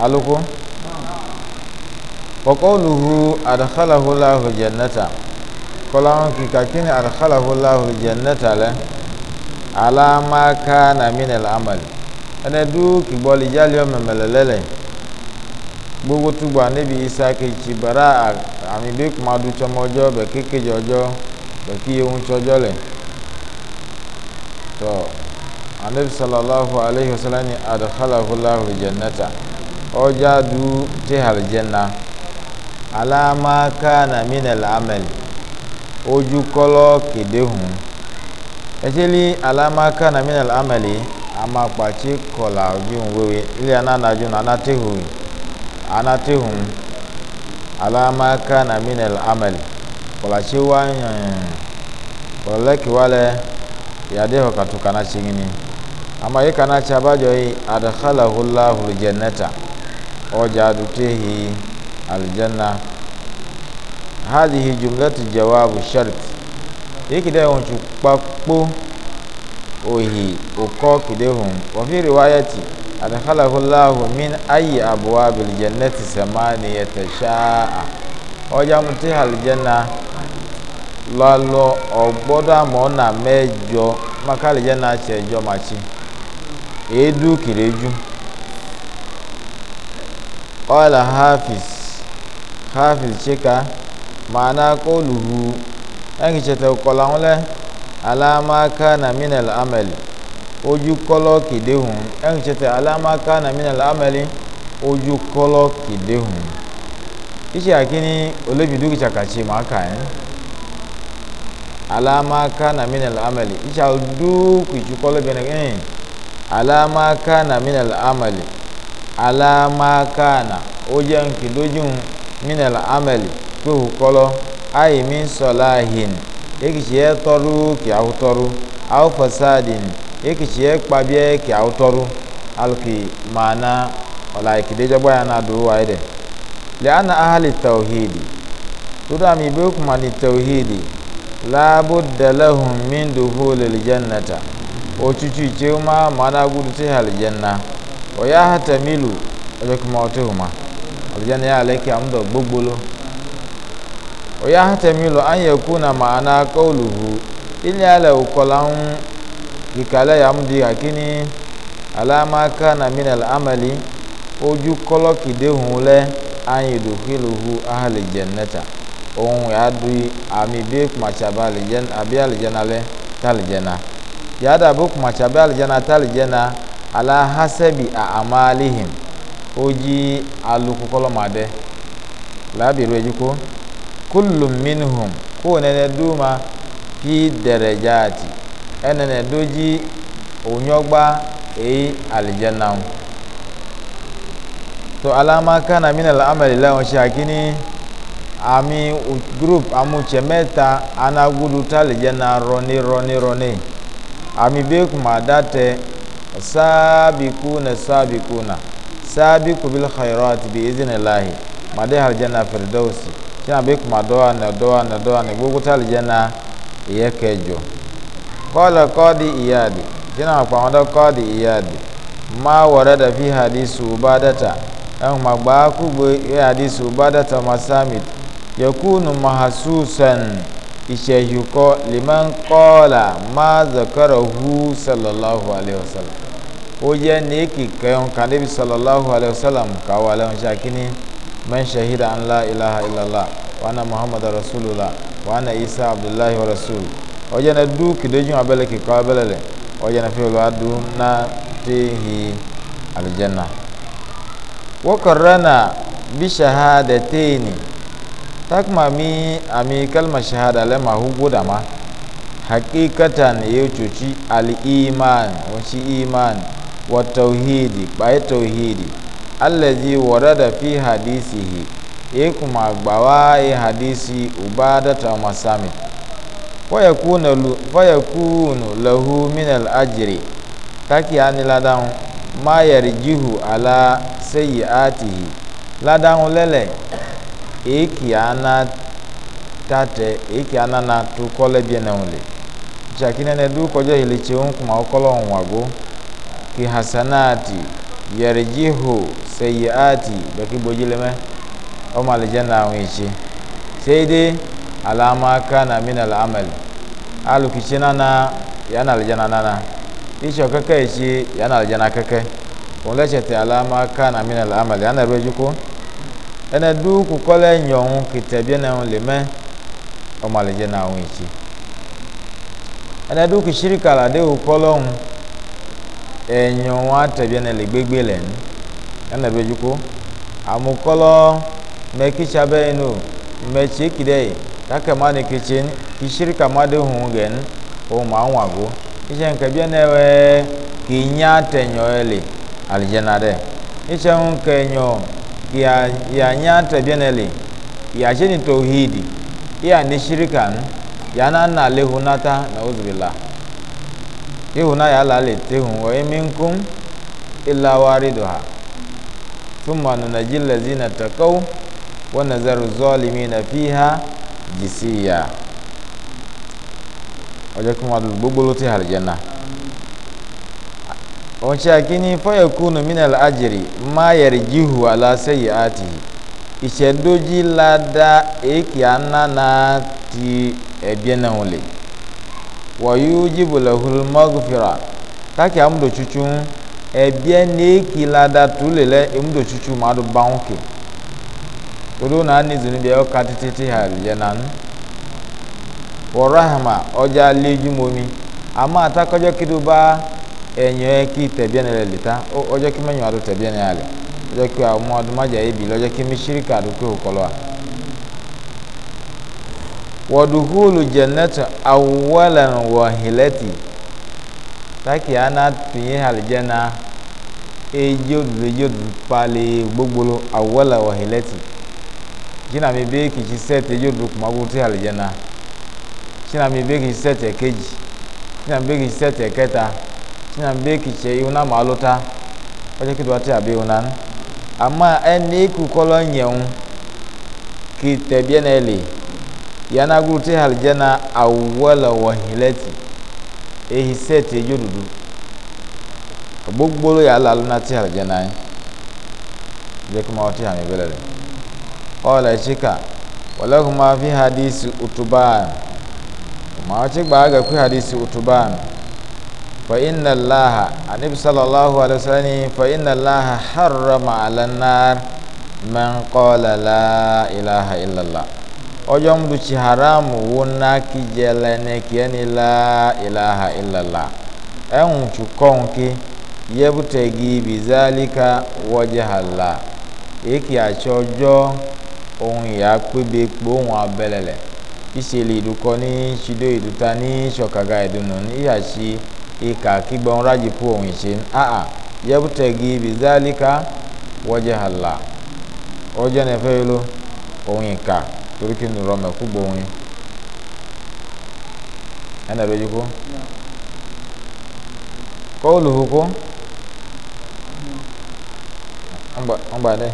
aluko wakoluhu adakalahu lahu jannata kọlọ́n kìkà kí ni adakalahu lahu jannata lẹ alamaka na minel amali ẹnẹ dúú kìgbọ́lì jálíọ̀ mẹ̀mẹ̀lẹ́lẹ́lẹ̀ gbogbo túgbà níbi isa kejì bàrà àmì bí kumadu tsọmọjọ bẹ kékejì ọjọ bẹ kí ewu tsọjọ lẹ tọ anabi sallallahu alayhi wa sallam ni adakalahu lahu jannata ojadu jihar janna alama kana minal amal ojú kọlọ kéde hùn ẹsẹlẹ alama kana minal amali amakpatsi kọla ojú wewe ilé ananadu anatehun anatehun alama kana minal amali kọlatsi wa nyanyanya kọlọlẹki wa lẹ yàdé hɔ katu kana tsi ngini ama yi kana tsi hula hulu ọjà dùtẹ́hì aljanna hadihi jumlatu jawabu shart ikide hun cukpakpo ohi ukọ kide hun wafi riwayati adakhalahu lahu min ayi abuwa biljannati samani ya ta sha'a ọjà mutu aljanna lọlọ ọgbọdọ àmọ na mẹjọ maka ṣẹjọ machi edu kìrẹjú qala hafiz hafiz chika ma'ana qawluhu an ce ta kolan alama kana min al-amal ojú kọlọ kìdé hùn ẹn ce ta alama kana min al-amali ojú kọlọ kìdé hùn iṣẹ́ àkíní olóbi dúkìá kàṣe máa kà ẹ́ alama kana min al-amali iṣẹ́ àdúkìá kọlọ bẹ̀rẹ̀ ẹ̀ alama kana min al alamakana ó jẹ́ nkì lójú minel amẹ́lì pé òkọlọ́ àìmí sọ̀lá hin ekìsì ẹ tọrú kì á tọrú àwọn fasadin ekìsì ẹ kpabiẹ kì á tọrú alùkì màánà ọ̀là ìkìdéjọba yà nà dùn wáyé dẹ̀ lẹ́yìn ahali tawhidi tó dà mí bẹ́ẹ̀ kùmà ní tawhidi láàbùdàlẹ́hùn mí dùhù lẹ́lẹ́jẹ̀ nàta òtútù ìjẹun máa màánà gùdù sí àlẹ́jẹ̀ náà. oya hata milu alekuma otuhuma alijana ya aleki amdo gbogbolo oya hata milu an yakuna ma'ana qawluhu ili ala ukolan likala ya mdi hakini alama kana min al'amali ojú kọlọkìdéhùn lẹ ayidukiluhu ahali jannata ohun yadu ami bi kumatsaba alijan abi alijana lẹ talijana yada bi kumatsaba alijana talijana. ala hasabi amalihim oji aluku kolomade labiru ejiko kullum minhum ko nene duma fi derejati enene doji onyogba eyi aljanna to alama kana min al'amali la won shakini ami group amu chemeta anagudu taljanna roni roni roni ami be kuma date sabikuna sabikuna sabiku bil khairati bi idhnillahi made hal janna firdausi kina be kuma doa na doa na doa na gugu tal janna iye kejo qala qadi iyadi kina kwa wanda qadi iyadi ma warada fi hadisi ubadata an magba ku be hadisi ubadata masamit yakunu mahsusan ishahuko liman qala ma zakarahu sallallahu alaihi wasallam oye neki kayon kanabi sallallahu alaihi wasallam kawo alaihi shakini man shahida an la ilaha illallah wa anna muhammad rasulullah wa anna isa abdullahi wa rasul oye na du kidejun abele ki kawo abele le oye na fi olwa du na tehi aljanna wa qarrana bi shahadataini takma mi ami kalma shahada le ma hugo da ma hakikatan yau cuci al-iman wani iman والتوحيد باي توحيد الذي ورد في حديثه يكما غبواي حديثي عبادة مسامي فيكون فيكون له من الأجر taki ani ladahun ma yarjihu ala sayyiatihi ladahun lele eki ana tate eki ana na tu kole bienenle jakine ne du kojo ile cheun kuma okolo onwago kihasanati yarjihu sayiati baki o ọmọ alijanna àwọn ìṣe sai dai alama kana min al'amal alukici nana yana alijanna nana iṣẹ́ kẹ́kẹ́ ìṣe yana alijanna kẹ́kẹ́ òun lẹ́sẹ̀ tẹ alama kana min al'amal yana rẹ̀ jukú ẹnẹ dúkù kọ́lẹ̀ yọ̀hún kìtẹ̀bí ẹnẹ ń lè mẹ́ ọmọ alijanna àwọn ìṣe ẹnẹ dúkù ṣíríkà làdéhùn kọ́lọ́hún. enyo wa tebia na le gbegbe le nu ena be juko amukɔlɔ mɛ kitsa bɛ yen no mɛ tse ki ɖe yi take ma ne kitse kisiri kama de hu gɛ nu o ma ŋu ago kitse nke bia ne wɛ ki nya te ya ya nya te bia ne ya tse ni to hi ya ne siri na na le hu na ta tehu na yàrá lè tehu wọ́n emi nkún ilà wàrí do ha túmọ̀ nùnà jí lẹ́sìn nà tẹ̀kọ́ wọ́n nà zẹ́rù zọ́ọ̀lì mi nà fi ha jì sí ya ti hàlì wọ́n ṣe àkíní fọ́yẹ̀kúnù mínàlá àjèrè má yẹ̀rì jíhù aláṣẹ́yì àti ìṣẹ́dójì ládàá èkì ànánà ti ẹ̀bí náà wọlé. wayujibu lahul maghfira kake amdo chuchu ebie neki lada tulele emdo chuchu madu baunke odo na ani zinu bia o katititi hal yanan wa rahma oja leju momi ama atakojo kiduba enyo e ki tebia ojo kimenyo adu ojo e adu maja ibi adu waduhulu jannatu awwalan wahilati taki ana tinye aljanna ejodu ejodu pale gbogbolo awwala wahilati jina mi be kici set ejodu kuma gutu aljanna jina mi be kici set ekeji jina mi be kici set eketa jina mi be kici iuna maluta oje kidu ati abi unan amma eni ku kolonyeun ki tebieneli yana gurte haljana awwala wahilati ehi set ejo dudu gbogbolo ya lalu na ti haljana yi je kuma wata hami belere ọla chika wala kuma fi hadisi utuban kuma wace ba ga fi hadisi utuban fa inna allaha anabi sallallahu alaihi wasallam fa inna allaha harrama ala man qala la ilaha illallah ọjọ́ mbuchi haramu wo naki jele nekie ni la ilaha illallah ẹ̀hùn chukọ́nki yẹ́bùtẹ̀gì bizalika wọ́jẹ̀hàlá èkì àti ọjọ́ ohun ìyá pébe pé ohun abẹ́lẹ̀lẹ̀ ìṣẹ̀lẹ̀ ìdúkọ ní ṣídó ìdúta ní ṣọ̀kàgà ìdùnnú ní ika ki kígbọ́n rájì pé ohun ìṣe áà yẹ́bùtẹ̀gì bizalika wọ́jẹ̀hàlá torí kí nìrọ mẹ̀kú gbòòwìn ẹnna lójú kú kó olùhù kú ọgbà dẹ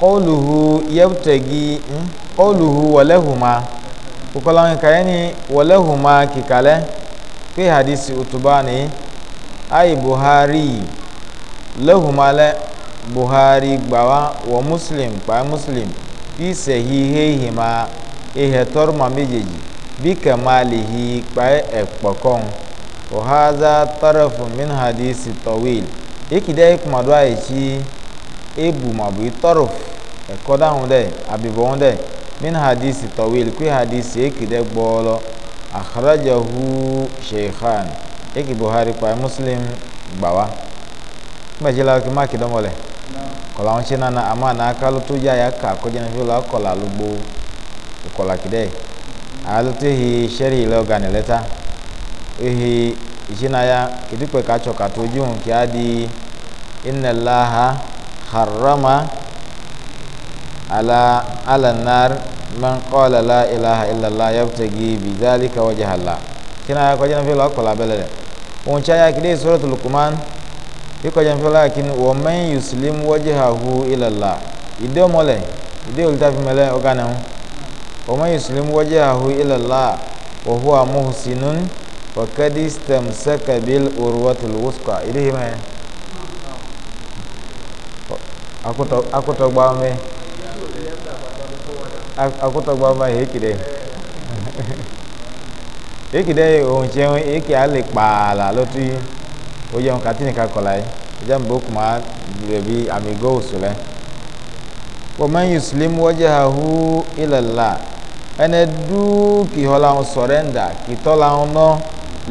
kó olùhù yẹ́pùtẹ̀gì hmm? kó olùhù wọléhùmá kókòlóhùn kàyẹ́ni wọléhùmá kìkàlẹ́ pé hadisi òtúbá ni ayi buhari lẹ́hùmá lẹ́ buhari gbàwá wọ muslim pa muslim. isehihe ihima ihe tọrọ tọrọma méjèèjì bí kẹmàlìhì pa ẹ̀pọ̀kọ́n ọ̀háza tọrọfù mínhàdí sí tọ̀wìl ìkìdẹ́ ìkùmàdó àìsí ebùmàbù tọrọfù ẹ̀kọ́ dáhùn dẹ̀ àbíbọ̀n dẹ̀ mínhàdí sí tọ̀wìl kí hàdí ekide gbọọlọ gbọ́ọ́lọ́ àkàràjàhu sheikhan ìkì buhari pa muslim gbawa mẹ́jìlá kí má kìdọ́mọlẹ̀. ọ̀la wọn ṣe nana àmọ́ ànáká ló tó yá yàkà kọjá ní fúlọ́ ọkọ̀là ló gbó ìkọ̀là kìdẹ́ àlùtò hi sẹ́rì ilẹ̀ ọ̀gá ní lẹ́tà ehi ìṣínayá kìdúpẹ̀ kàtsọ̀ kàtó ojúhùn kí á di ìnẹ̀láha harama ala alanar man kọ́ọ̀lá la ilaha illallah yabtagi bidalika wajahalla ṣínayá kọjá ní fúlọ́ ọkọ̀là bẹ́lẹ̀ dẹ̀ òun ṣáyà kìdẹ́ sọ́rọ̀ tó lukuman ikọjá nfẹlẹ akini wọn mẹyìn yusulim wọjihahu ilẹla ìdè mọlẹ ìdè olùtàfimẹlẹ ọgànnà wọn mẹyìn yusulim wọjihahu ilẹla wọhu amuhusinun fakadi stem sẹkẹbil oruwatul wuska ìdè himẹ akutọgba mẹ akutọgba mẹ hekide hekide ohun tiẹ heke alẹ kpaala lọtọ yìí oye ŋun kati ni ka kɔla yi ɛdze mi bo kuma bebi amigo wosu lɛ wɔmɛn yusulim wɔdze ha hu ilala ɛnɛ du kihɔ la ŋu sɔrɛnda kitɔ la ŋu nɔ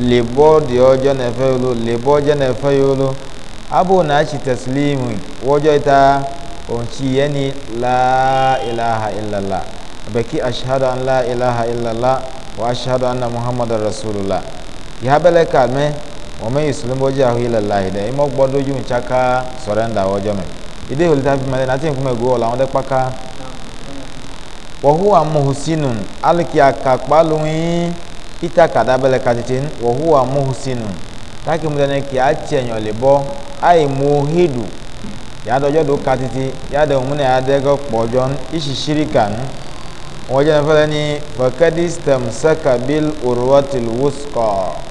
lebɔ deɛ ɔdze ne fɛ yolo lebɔ dze ne fɛ yolo abo na tsi tɛsilimu wɔdze ta ɔntsi yɛni laa ilaha ilala abeki asihadu an laa ilaha ilala wa asihadu anna muhammadu rasulula yahabɛlɛ kalmɛ. ومن يسلم وجهه الى الله ده اما غبدو يون تشاكا سرندا وجمه ide wòle tàbí mẹlẹ nàti nkùmẹ gbowó làwọn a kpaka wòhùwà muhusinu aliki akakpa lóyún ita kadabẹlẹ katitin wòhùwà muhusinu taki mu dẹni kì á tiẹ nyọ lè bọ ayi muhidu yàdọjọ do katiti yàdọ òmùnà yàdẹgọ kpọjọ ìṣìṣirika nù wọ́n jẹ́ nífẹ̀ẹ́ lẹ́ni fọkẹ́dì stem sẹ́kàbíl òrùwọ́tìlúwọ́sùkọ̀ọ́.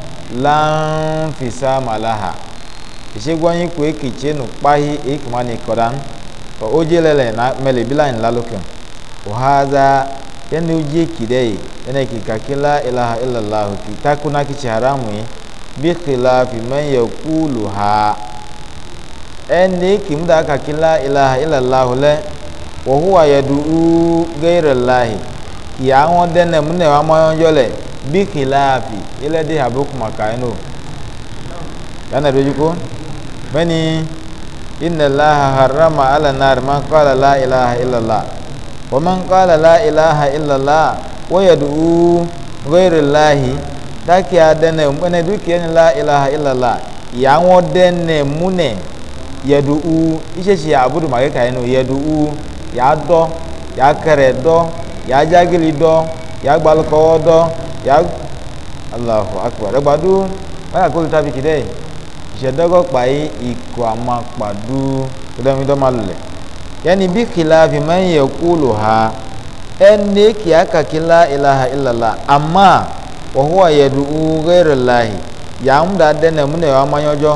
lanfisa malaha ìṣègbọ́nyin kò èkì tsénu kpahi ìkùmánì kọ́dán tó ó jẹ́ lẹ́lẹ̀ mẹ́lẹ̀ bí láyìn lálùkùn òhàdá yẹnu jẹ́ kìdẹ́ yìí yẹnu kìkà kílá ìlàhà ìlàláhù kì takuna kìtsì haramu yìí bí kìlá fìmẹ́yẹ kúlù ha ẹni kìmúdà kàkílá ìlàhà ìlàláhù lẹ́ wọ́húwà yẹ dùú gẹ́rẹ̀ láhì kì àwọn dẹ́nẹ̀ múnẹ̀ wà mọ́yọ́njọ́ lẹ̀ bi khilafi ile de abu kuma kaino yana da jiko bani inna allaha harrama ala nar man qala la ilaha illa allah wa man qala la ilaha illa allah wa yad'u ghayra allah taki adene mbene duki ni la ilaha illa allah ya wodene mune yad'u isheshi abudu mage kaino yad'u ya do ya kere do ya jagili do ya gbalko do ya allahu akbar ẹgbàdo báyà kó lóta fi kìdẹ́ ìṣẹ̀dọ́gọ́pà yìí ikọ̀ àmàpàdú tọ́dọ́mídọ́mà lulẹ̀ yẹni bí kìlá fi máa ń yẹ kúlò ha ẹni kìákàkìlá ìlàhà ìlàlà àmà wọ́húwà yẹ̀dù rẹ̀rẹ̀ láàyè yà ń dà dẹ́nà múnẹ̀ wà máyọ́jọ́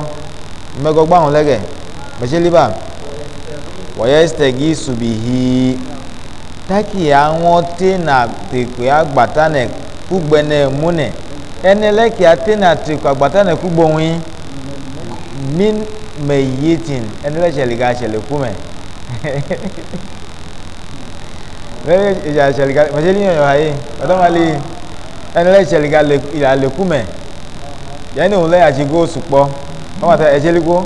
mẹ́gọ́gbà hùn lẹ́gẹ̀ mẹ́ṣẹ́ líbà wọ́yẹ́ stẹ̀gì sùbìhì tákì àwọn tẹ́nà tẹ̀pẹ́ àgbàtà nẹ̀kọ́ kugbene mune ene leki atena ti agbata ne kugbo wi min meyitin ene le sele ga sele kume lele ja sele ga ma sele yo hayi odo mali ene le sele ga le ila le kume yani o le ya ji go supo o ma ta e sele go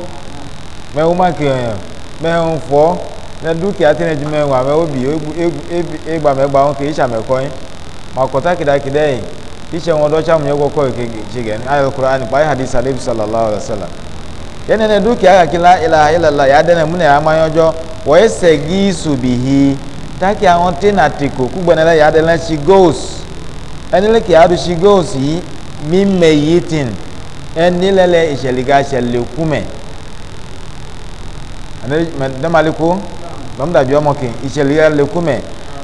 me o ma ki yan me o fo na dúkìá tí ẹnìjú mẹ́wàá mẹ́wàá bí égbà mẹ́gbàá wọn kì makota kidakidai kisha ngodo cha mnyoko ko kigen ayo qur'ani bai hadith alif sallallahu alaihi wasallam yana ne duki aka kila ilaha illallah ya dana mune ya mayojo wa esegi subihi taki awon tina tiko kugbenele ya dana she goes enile ki adu she goes yi mimme yitin enilele isheliga shelekume ane madamaliku bamda biyomoke isheliga lekume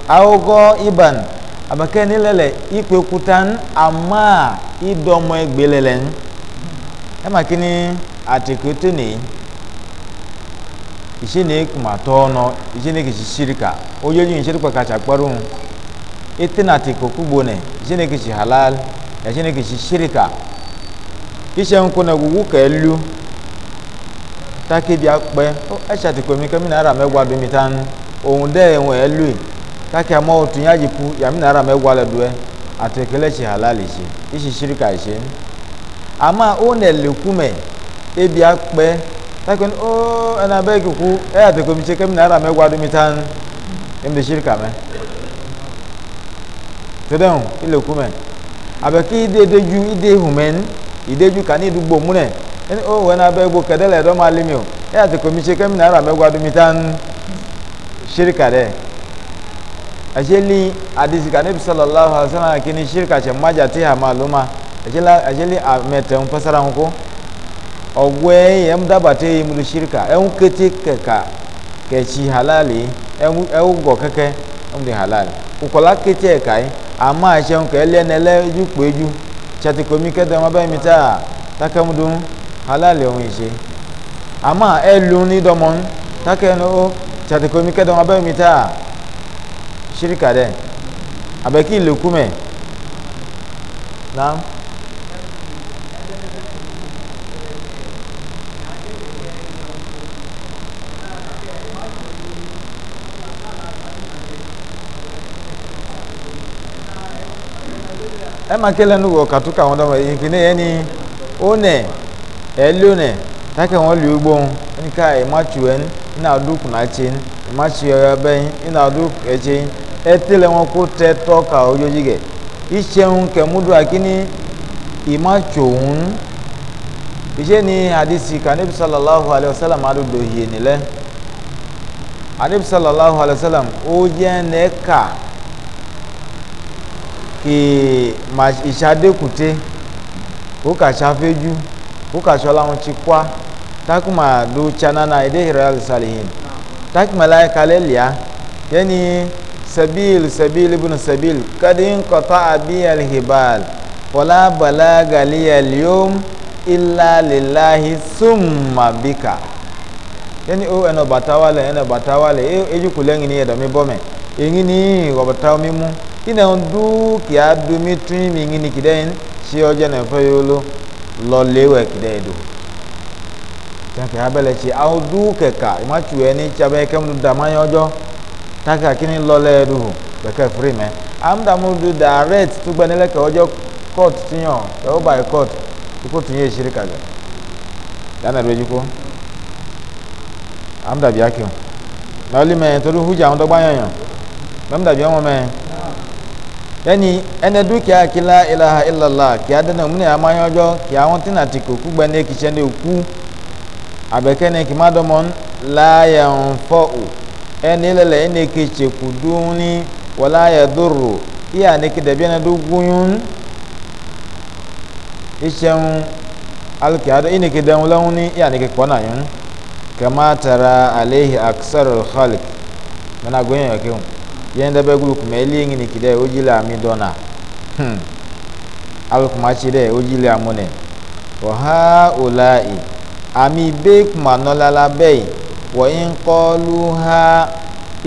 awgo iban abake ni lele ikpe kutan ama idomo egbelelen ema kini atikutu ni ise ne kuma tono ise ne kishi shirika oyo yin shirika kacha kparun itina tiko kugbo ne ise ne kishi halal ya ise ne kishi shirika ise nko na gugu kelu takidi akpe o esi tiko mi kamina ara megwa bi ohun de kake ama otunyaji pu yami nara megwale due atekele chi halali chi ishi shirika chi ama one lekume ebi akpe taken o ana begi ku e atekomi che kemi nara megwadu mitan emde shirika me tedon ilekume abeki idedeju ide humen ideju kani dugbo mune ẹni ó wẹ́n náà bẹ́ẹ̀ gbó kẹ́dẹ́lẹ̀ ẹ̀dọ́ máa lé mi o ẹ̀ àtẹ̀kọ́ mi ṣe kẹ́mi náírà mẹ́wàá dùn mí tán ṣíríkà dẹ́ ajeli hadisi ka nabi sallallahu alaihi wasallam kini shirka che maja ti ha maluma ajeli ajeli amete mpasara nko ogwe yem dabate imulu shirka en kete keka ke chi halali e eu go keke um di halali ukola kete kai ama che un ke le nele ju peju chati komi ke de mabe mita takamudun halali ohun ise ama elun ni domon takeno chati komi ke de mabe mita shirika dɛ abɛki lekumɛ naam. ɛma kele nu wɔ katuka wɔn dɔm ìpínlẹ̀ yẹn ni one ɛlone takɛ wɔn li gbɔn nika ɛmatsu ɛn ina du kunatsi ɛmatsi ɛbɛn ina du ɛtsi etele wọn kó tẹ tọka ojoji gẹ ìṣeun kẹmúdù akíní ìmọ̀tsòun ìṣe ni hadisi kanibu sallallahu alayhi wa sallam adodo yìí nílẹ̀ anibu sallallahu alayhi wa sallam ó jẹ́ nẹ́ka ìṣàdékùté ó kà ṣàfẹ́jú ó kà ṣọlá wọn ti kwa takuma do tsanana ìdéhìrẹ́ alùsàlìhìn takuma láyé kalẹ́ lìá yẹ́nì. Yani, sabil sabil ibn sabil kadin qata'a bi al-hibal wala balaga li al-yawm illa lillahi summa bika yani o eno batawale eno batawale e eju kulengi ni edo mi bome ingi ni go bataw mi mu ina ndu ki adu mi tun mi ingi ni kiden si oje na fe yolo lo lewe kiden do tan ke abele chi audu keka imachu eni chabe kem du damayo taka kini lɔlɛ do kɛkɛ firi mɛ amudamu do direct tugbanilɛ kɛ ɔdzɔ court tiyan ɛwɔ e by court koko tun ye siri kaza lana do edziko amudabi ake o lɔli mɛ toru hudza ŋutɔ gba yɔnyɔ mɛmudabi ɔmɔ mɛ yanni ɛnɛ du kia kila ilaha ilala kia dena omuna ama yɔdzɔ kia ŋuti na ti koku gbɛne kitsɛ ne ku abɛkɛ ne kima dɔmɔ la yɛn fɔ o ɛni lɛlɛ ɛni ke tseku duni wala yɛ doro iya ne ke dɛbi ɛni do guyun itsɛnu alike ado ɛni ke dɛnu lɛnu ni iya ne ke kpɔ na yun kama tara alehi aksar xɔlik mɛna guyun yɛ kewu yɛn dɛ bɛ gulu kumɛ eli yɛn ni ke dɛ o dzi lɛ ami dɔna hmm alukuma tsi dɛ o dzi lɛ amu nɛ wɔ ha o la yi ami be kuma nɔla la bɛ yi wọ́yìn kọlu ha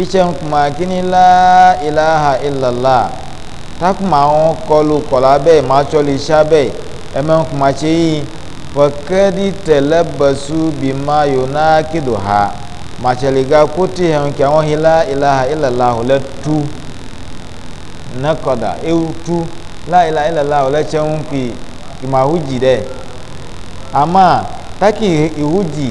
iṣẹ́ nkùmà kíní la ilaha illallah takùmà wọn kọlu kọlá bẹ́ẹ̀ máa tsọ́lu iṣẹ́ bẹ́ẹ̀ ẹ̀mẹ́ nkùmà tse yìí fọkẹ́dì tẹ̀lẹ́ bẹ̀sù bímá yóná kídò ha màtsẹ̀lẹ̀gà kútì hẹ̀hún kí àwọn hìlá ilaha illallah lẹ́ tu nẹ́kọ̀dà ewu tu la ilaha illallah lẹ́ tsẹ́ ń kì kì máa hu jì dẹ́ àmà tákì ìhu jì.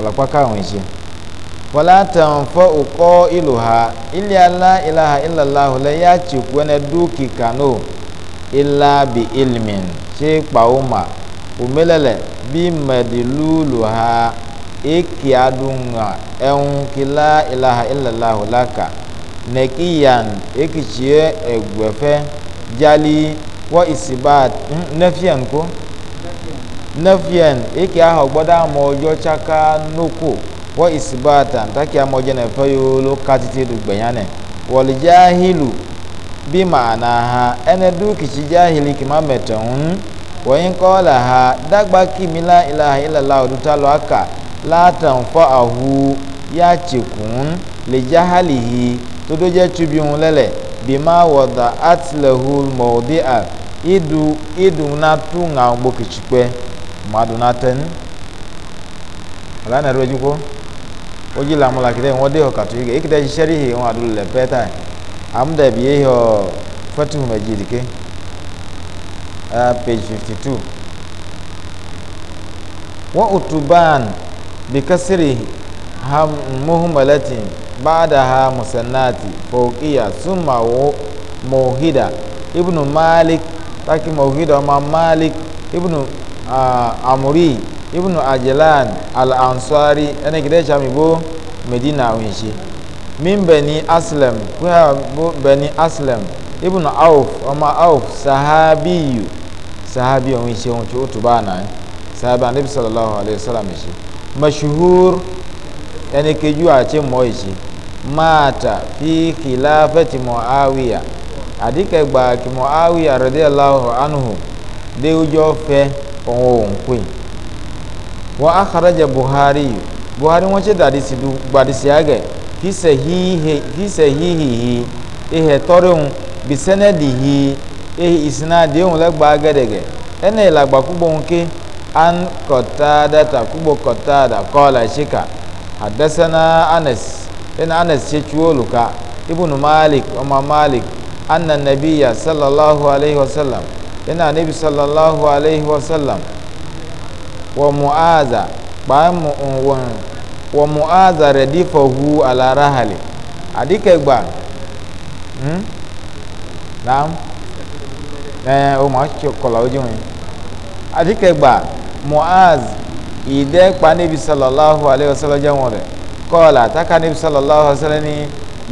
walakwa wenshi wala tanfa uko iluha illa la ilaha illa allah la ya ci kuwana duki kano illa bi ilmin ce kpauma umelele bi madiluluha iki adunga ehun kila ilaha illa allah laka nakiyan iki ciye egwefe jali wa isibat nafiyan nefien eke ahụ gbada amọjọ chaka nnukwu wọ isibata ntaki amọjọ na efe ya olu katiti dugbanyane wọlijahilu bi ma'ana ha ene dukici jahili kima metahun wọnyin kọla ha dagba kimila ilaha ilala odutalo aka latan fọ ahu ya chekun lijahalihi todoje chubihun lẹlẹ bima wọda atilahu mọdi a idu idu na tu ŋa gbokitsikpẹ madunatan ala na ro juko oji la mo la kide won de o ka tuige ikide sherihi won adul le peta amda bi e ho fatu majid ke uh, page 52 wa utuban bi kasri ham muhmalati ba'daha musannati fawqiya summa muhida ibnu malik taki mohida ma malik ibnu Ah, amuri ibnu ajilan al-ansari ẹni gidẹ sami bo medina awinṣe min bẹni aslam kuya bo bẹni aslam ibnu auf ọmọ auf sahabiyu sahabi awinṣe ohun tí ó tó bá náà sahabi anabi sallallahu alayhi wa sallam ṣe mashuhur ẹni kejú àti mọ́ ìṣe maata fi khilafati muawiya adikẹgbà kí muawiya radiyallahu anhu déwújọ́ fẹ́ẹ́ ohun ohun kwe wa akharaja buhari buhari wọn ṣe dàdísì du gbàdísì àgẹ fi sahihihi ihe tọrọhun bi sanadihi ihe isnadi ohun lẹgba agẹdẹgẹ ẹnna ìlàgbà kúgbọ ohun ké an kọtada ta kúgbọ kọtada kọla ṣíkà àdásánà anas ẹnna anas ṣe tuwo olùkà ibùnú malik ọmọ malik anna nabiya sallallahu alayhi wa sallam yana anabi sallallahu alaihi wasallam wa mu'aza bayan mu'un wa mu'aza radifahu ala rahali adika gba hmm naam eh o ma ki kola oju mi adika gba mu'az ide pa nabi sallallahu alaihi wasallam jawon re kola taka nabi sallallahu alaihi wasallam ni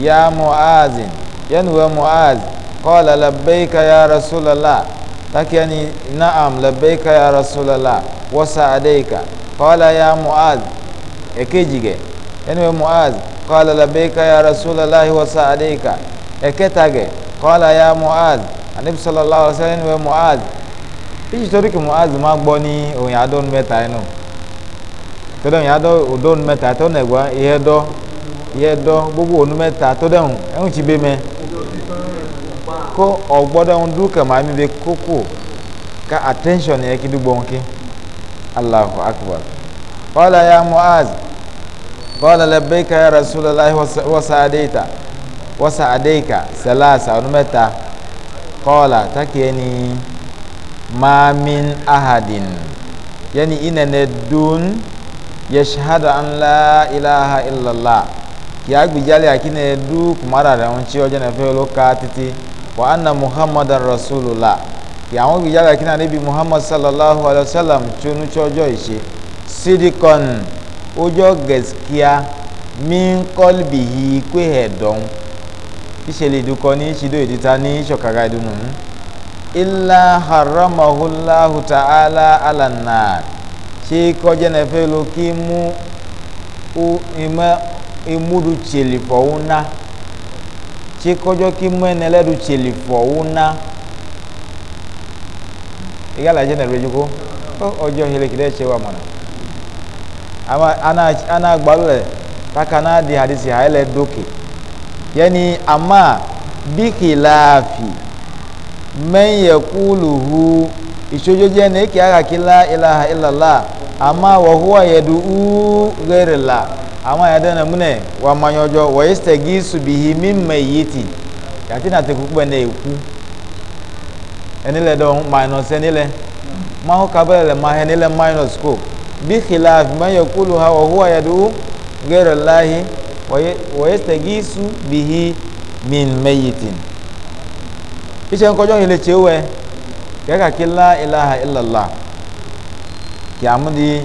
ya mu'azin yanwa mu'az qala labbaika ya rasulullah لكن نعم لبيك يا رسول الله وسعديك قال يا معاذ ekejige enwe muaz qala labbaika ya rasulullahi wa sa'alayka eketage qala ya muaz anabi sallallahu alaihi wasallam enwe muaz iji tori ki muaz ma gbo ni oyin adon meta inu todo oyin adon odon meta to negwa ihe do ihe do gbogbo onu meta to dehun ehun ti be me ko ogbodo on duka ma mi be koko ka attention ye ki dugbo onki allahu akbar qala ya muaz qala labbaika ya rasulullah wa sa'adaita wa sa'adaika salasa unmeta qala takeni ni, min ahadin yani inene dun yashhadu an la ilaha illallah kí agbèjálẹ̀ àkínẹ̀ dúkùmárà rẹ̀ ń tí ọjọ́ nẹ̀fẹ́ olóka títí wa anna muhammadan rasulullah yàwọn òbí yàrá kí náà níbi muhammad sallallahu alayhi wa sallam tí ó ní tí ọjọ́ ìṣe sidikon ọjọ́ gẹ̀ẹ́sìkíá mínkọ́lbì yìí pé ẹ̀dọ́n ìṣẹ̀lẹ̀ ìdúkọ ní ìṣìdó ìdíta ní ìṣọ̀kara ìdùnnú ilá haramahulahu ta'ala alanna ṣé kọjá náà fẹ́ lo kí mú imúdu tìlìfọ̀ tsi kɔdzɔ ki mɛ ne lɛ do tseli fɔwu na ega la dze na do dziko ɔdzɔ heleki ɖe tse wa mɔ na ama ana ana gbalu le taka na di hadisi ha ele doke yani ama bi khilafi man yaquluhu isojoje ne ki aga kila ilaha illallah ama wa huwa yad'u la ama ya dana mune wa manyojo wa yastagisu bihi min mayyiti yati na teku kube na eku enile don minus enile ma ho kabele le ma enile minus ko bi khilaf man yaqulu ha wa huwa yadu ghayra allahi wa yastagisu bihi min mayyitin ise nkojo ile chewe kaka kila ilaha illa allah kiamudi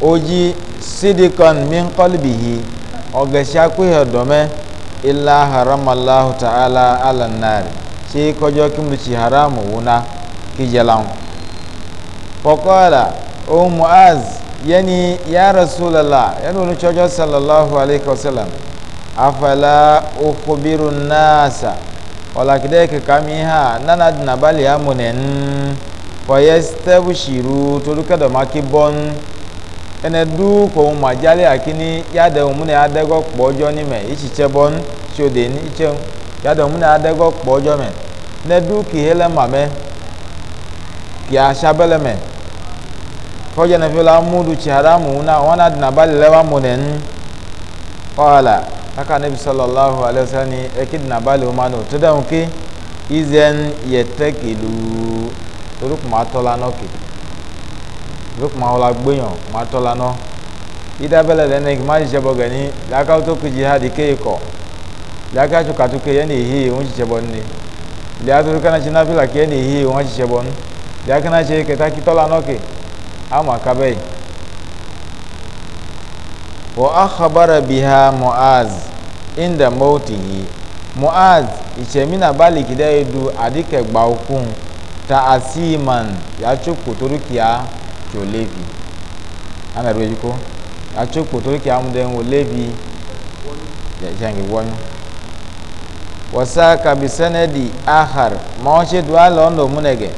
oji sidikon min qalbihi ogasi akwihe dome illa harama allahu ta'ala ala nari shi kojo kimdu ci haramu wuna kijalan fokola o mu'az yani ya rasulallah yani wani cojo sallallahu alaihi wasallam afala ukhbiru nasa wala kideke kamiha nana dinabali amunen fayastabu shiru toluka da maki bon ene du ko mu majali akini ya de mu ne adego kpojo ni me ichi chebon chode ni che ya de mu ne adego kpojo me ne du ki hele mame ki ashabele me koja na vila mudu chi haramu na wana dina bali lewa munen qala aka nabi sallallahu alaihi wasallam ekid na bali umano tudan ki izen yete yetakilu turuk matola noki ló kuma wọ́n la gbéyàn má tọ́ la nọ́ yídábẹ́lẹ̀ lẹ́nu igi má ṣiṣẹ́ bọ́ gẹ̀ni làákà tó kejì ha di kéye kọ̀ làákà tó kàtó kéye ẹni èyí yìí wọ́n ṣiṣẹ́ bọ́ ni làákà tó kàtó ṣe náfìlà kéye ẹni èyí yìí wọ́n ṣiṣẹ́ bọ́ ni làákà náà ṣe kẹta kí tọ́ la nọ́ kè àmọ́ àkábẹ́ yìí. wọ́n á bi ha muaz inda mọ́tì yìí muaz ìṣẹ̀mínà bá lè kí dẹ́ edu àdìkẹ̀ gbà okun ta asiman yàtúkù torókìá ki olevi ana ru ejiko atsokpo torí kí amu dẹ́nu olevi jẹ́ngi wọ́nyọ́ wọ́sá kabi sẹ́nẹ́dì ahar mọ́ ọ́n ṣe dùn alọ́ ọ́n lò múnẹ̀gẹ̀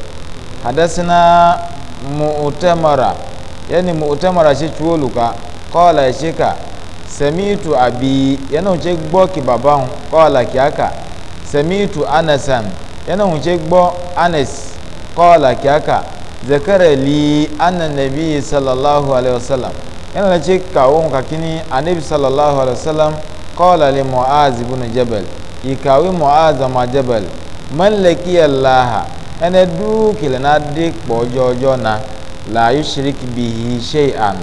hadasina mu'tamara yani mu'tamara ṣe tu olùkà kọ́ọ̀là ṣe kà sẹ́mìtù àbí yẹn òun ṣe gbọ́ kí bàbá òun kọ́ọ̀là kí á kà anasan yẹn òun ṣe gbọ́ anes kọ́ọ̀là kí á zakara li anna nabi sallallahu alaihi wasallam yana na ce kawo ka kini annabi sallallahu alaihi wasallam qala li mu'az ibn jabal ikawi mu'az ma jabal man laqiya allah ana dukila na dik bojojo na la yushrik bihi shay'an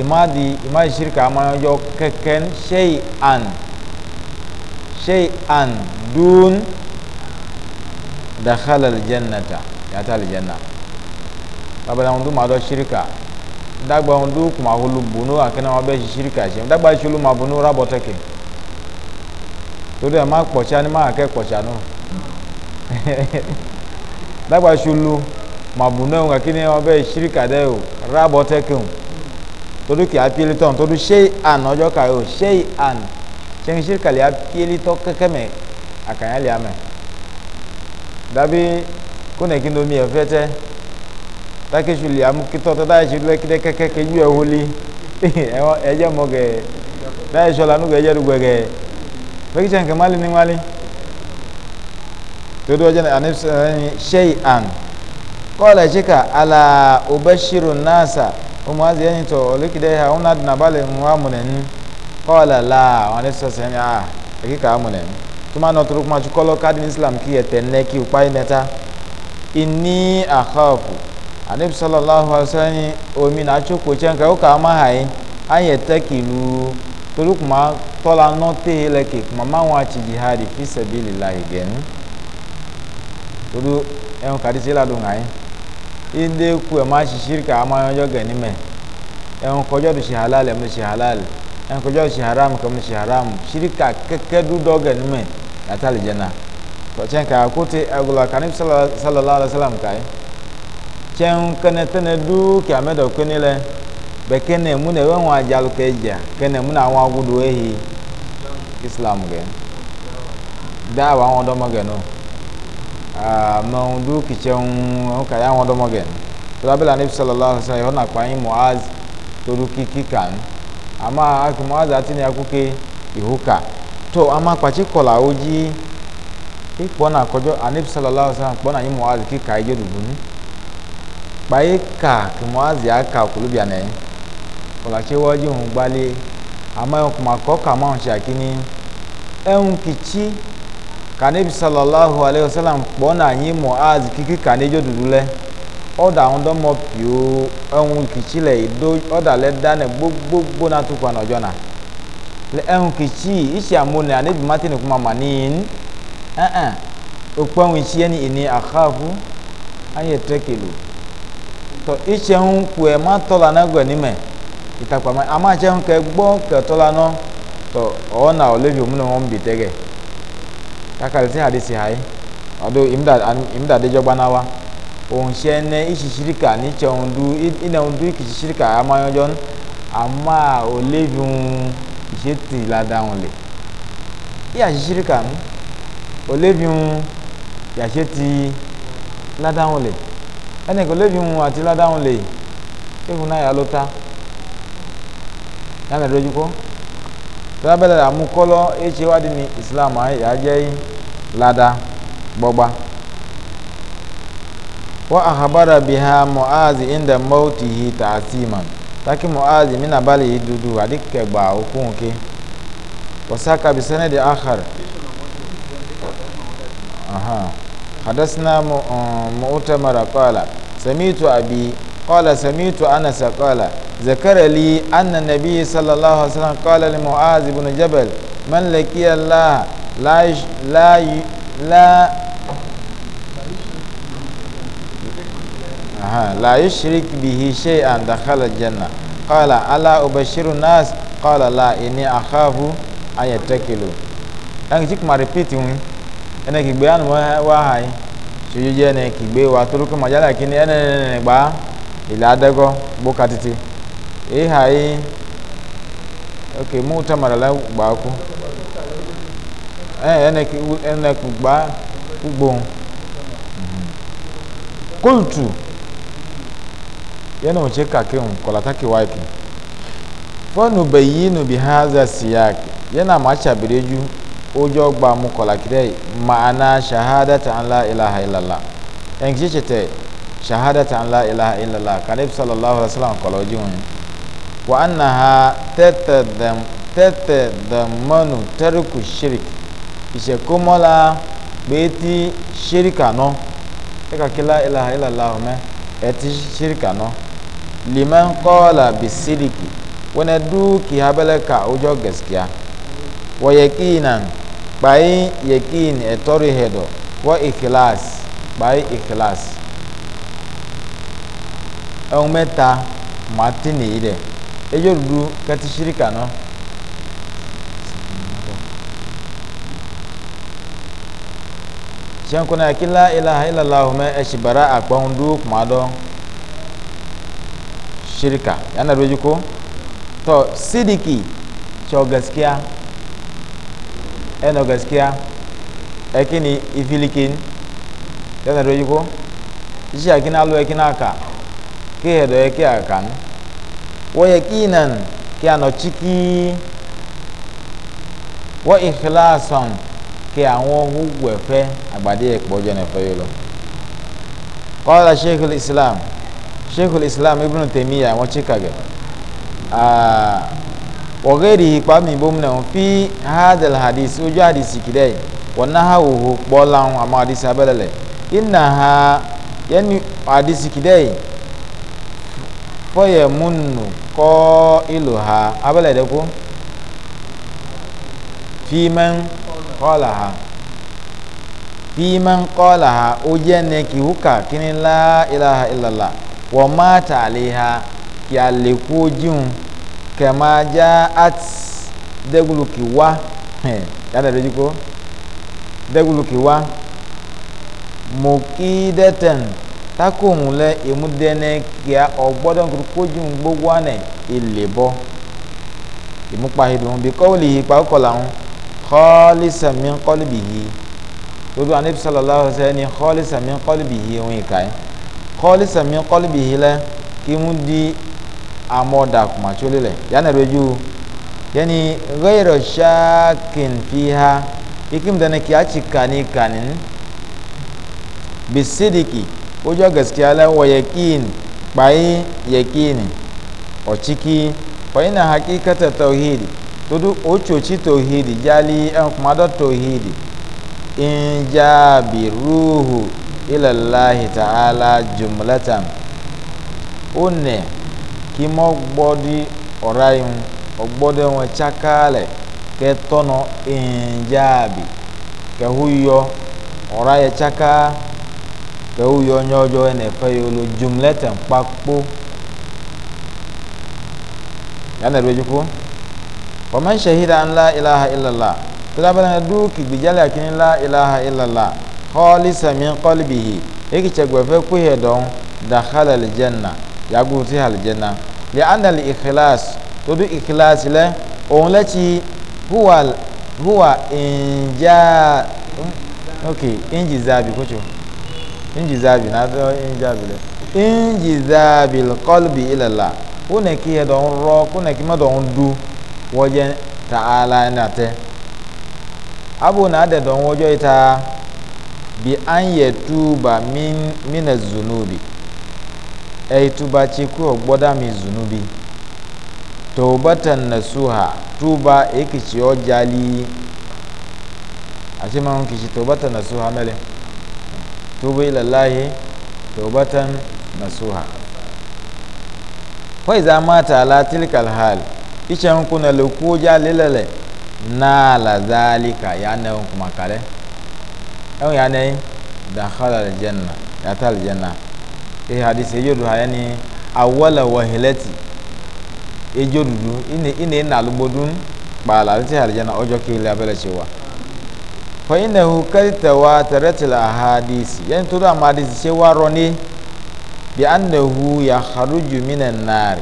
imadi imadi shirka amajo keken shay'an shay'an dun dakhala aljannata ya ta aljanna babala ŋun du ma dɔ shirika dagba ŋun du kuma hulu bunu akena ma bɛ si shirika si dagba si hulu ma bunu rabɔtɔ ke torí ɛ ma kpɔtsa ni ma kɛ kpɔtsa nù dagba si hulu ma bunu ŋun e akena ma bɛ shirika dɛ o rabɔtɔ ke o torí kì í apieli tɔn torí seyi an ɔjɔ ka o seyi an seyi shirika li apieli tɔ kɛkɛ mɛ akanya li amɛ dabi kó nèkí nomi ɛfɛ tɛ takesuli amukitɔ tɔ ta esi lɛ kide kɛkɛ kedu ɛwoli ɛdze mɔ gɛ ta esi ɔla nu gɛ ɛdze du gbɛ gɛ pɛkitsɛ nkɛ mali ni mali todo ɔdze ani sɛni eh, sɛyi an kɔɔla tsika ala obesiru nasa omo azi ɛni tɔ ɔli kide ha ɔna duna bali mu amunɛni kɔɔla la ɔni sɔ sɛni a ah, eki ka amunɛni tuma nɔtɔrɔ kuma tsi kɔlɔ kadi ni islam ki ɛtɛ nɛ ki ukpa yi nɛta ini anabi sallallahu alaihi wasallam ni omi na atsoko tsɛn ka wo ka ama ha yi ayɛ tɛ kilu tolu kuma tɔla nɔte le ke kuma ma ŋun atsi jihadi fi sɛbi lila yi gɛnu tolu ɛn ka di se la do ŋa yi inde ku ɛma sisiri ka ama yɔjɔ gɛni mɛ ɛn kɔjɔ do si halal ɛmu si halal ɛn kɔjɔ do si haram kɛmu si haram siri kɛkɛ du dɔ gɛni mɛ yata le dzɛna tɔ tsɛn ka kote ɛgulɔ kanibi sallallahu alaihi wasallam ka yi tseŋu kene tene duu kia me dɔ kene le be kene mu ne be ŋu adzalu ke dza kene mu na ŋu awu do ehi islam ge daa wa ŋu dɔmɔ ge no aa me ŋu du kitseŋu ŋu ka ya ŋu dɔmɔ ge tora bela nebi sallallahu alaihi wa sallam yɔna kpa anyi muaz toru kiki kan ama aki muaz ati ne aku ke ihu ka to ama kpatsi kɔla wo dzi ikpɔna kɔdzɔ anebi sallallahu alaihi wa sallam kpɔna anyi muaz kika yi dze dudu ni. kpa ka kimoazi aka kulubia ne olache woji hun gbali amayo kuma ko kama hun shakini ehun kichi kanebi sallallahu alaihi wasallam kpona anyi moaz kiki e le dudule ọdà àwọn dọmọ pìó ẹhun kìtì lẹ ìdó tɔ itse ŋu kue ma tɔ la nagbe nime itakpa ma ama tse ŋu ke gbɔ ke tɔla nɔ tɔ ɔwɔna olevi omu ne wɔm bi tɛgɛ kaka le ti ha si ha yi ɔdo imda imda de dzɔgba na wa ohun tse ne itsitsirika ni tse ŋu du ine ŋu du ikitsitsirika ama yɔ dzɔnu ama olevi ŋu tse ti la da ŋu le iya tsitsirika ŋu olevi ŋu yatse ti la da ŋu le. ẹnì kò lébi ń àti ládàáhùn lè kéhùn náà yà ló ta yàmẹ dojú kó tọ́lábẹ́lẹ̀ àmúkọ́lọ́ ẹ̀ṣẹ̀ wádìí ní islam yà jẹ́ ládàá gbọ́gba. wa ahabara biha mu'azi inda mawtihi ta'siman taki mu'azi min bali dudu adike gba okun ke wasaka bi sanadi akhar aha uh -huh. حدثنا مؤتمر قال سميت أبي قال سميت أنس قال ذكر لي أن النبي صلى الله عليه وسلم قال لمعاذ بن جبل من لقي الله لا يش لا ي لا لا يشرك به شيئا دخل الجنة قال ألا أبشر الناس قال لا إني أخاف أن يتكلوا أنك تكما ريبيتي ene kigbe anu wa hai sojoji ene kigbe wa toruko majala kini ene ne ne gba ila adego gboka titi ihai ok mu tamara la gba ku eh ene ki ene ku gba ugbo kultu yana wace kakin kwalata ki fọnụ fa nubayyinu bi hadha ya yana ma chabire ojo gba mu kola kidai ma'ana shahadata an la ilaha illallah en kici te shahadata an la ilaha illallah kanib sallallahu alaihi wasallam kola oji hun wa annaha tatadam tatadammanu tarku shirk ise kumola beti shirka no e ka kila ilaha illallah me eti shirka no liman qala bisidiki wona du ki habala ka ojo gaskiya wa yaqinan kpai yakin etori hedo wa ikilas kpai ikilas ẹ̀hún e mẹ́ta màá ti nìyí e dẹ̀ ẹjọ́ dúdú kẹtí ṣíríkà náà. sẹ́ńkùnà àkílá ilaha illallah mẹ́ ẹ̀ṣì bàrà àgbọ̀n dúró kùmà dọ́ ṣíríkà yánà lójú kó tọ́ sídìkì tsọ gaskiya eno gaskiya ekini ifilikin yana da yiko shi a kina lo ekina ka ke hedo eke akan wa yakinan ke ano chiki wa ikhlasan ke awon hugu efe agbade epojo na efe yolo qala islam shaykhul islam ibnu taymiya won chikage ah وغيره قام بمنه في هذا الحديث وجو حديث كده ونهوه بولان أما حديث أبلل إنها يعني حديث كده فيمن قائلها أبلل دكو في من قالها في من قالها أجنك هكا كن لا إله إلا الله ومات عليها كي ألقوا جون kẹma dza at dẹgulu kiwa hẹ yada do dziko dẹgulu kiwa moki dẹtẹn tako ŋu lɛ emu dɛnɛ kia ɔgbɔdɔ nkuru kodzi ŋu gbogbo anɛ ele bɔ emu kpahi do ŋu bi kɔli yi kpa kɔla ŋu xɔli sami kɔli bi yi tobi anabi sɔlɔlɔ sɛ ni xɔli sami kɔli bi yi ŋu yi ka yi xɔli sami kɔli bi yi lɛ kimu di amɔda kumatsoli le yana ɖo yani ɣeyɔrɔ shakin fiha ikim dana kia tsi kani kani bisidiki wodzɔ gaskiya lɛ wɔ yakin kpai yakin ɔtsiki fɔyina hakikata tawhidi todo otsotsi tawhidi jali ɛnkumadɔ tawhidi injabiruhu ilalahi ta'ala jumlatan one kimo gbɔdi ɔra yi ŋu ɔgbɔdi wọn tsaka lɛ kɛ tɔnɔ ɛnjaabi kɛ hu yɔ ɔra yɛ e tsaka kɛ hu yɔ nyɔdzɔ ɛnɛfɛ yɔ lo dzomlɛtɛ kpakpo yana do dziko faman shahida an la ilaha illallah tirabana du kigbijali akini la ilaha illallah khalisa min qalbihi ekitsɛ gbɛfɛ kuhɛ dɔn dakhala aljanna yaguti aljanna lè anàlì ìkìláàs tó dún ìkìláàs lẹ òun lẹ́tí huwa húwà ìjà ok ìjìzàbì kótó ìjìzàbì nàdó ìjàbì le ìjìzàbì kọlbì ìlàlà kónà kí ẹ dọ̀ ń rọ kónà kí má dọ̀ ń du wọ́jẹ́ tààlà nàtẹ́ abo nà á dọ̀ ń wọ́jọ́ yìí ta bí à ń yẹ zunubi eituba chikuo gbodami zunubi taubatan nasuha tuba ikichi ojali ashe ma kishi taubatan nasuha mele tubu ila lahi taubatan nasuha wa iza mata ala tilka alhal ishe kuna lukuja lilele nala zalika yana kuma kale yau yana dakhala aljanna yata aljanna e hadisi ejo dudu yani awala wahilati ejo dudu ine ine na lugbodun kpala ti harjana ojo ke ile abele cewa fa innahu kad tawatarat al ahadisi yani to da ma hadisi cewa roni bi annahu yakhruju minan nar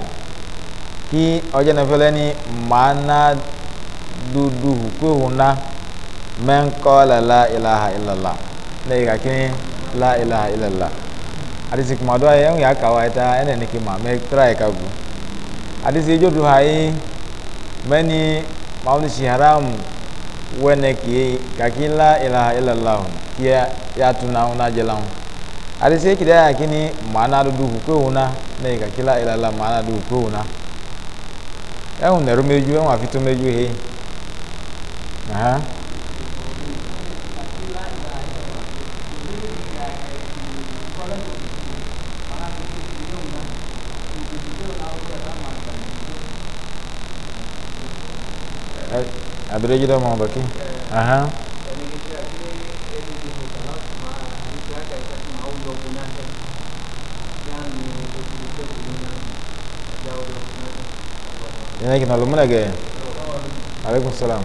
ki ojo na ni mana dudu ko huna man qala la ilaha illallah ne ga kini la ilaha illallah adisi kumado ayi ya yaka wa ta ɛna neke ma mɛ tra yi ka gu adisi edzo do ha yi mɛni mawuni si haram wɛnɛ kie kaki la ilaha illallah kia ya na ŋu na dze la ŋu adisi eki da yaki maana do do kuko ŋu na kaki la ilala maana do kuko ŋu na ɛŋu nɛru meju ɛŋu afito he. Uh abireji dɔ mɔgɔ baki ahan. yana kina lumuna ga alaikum salam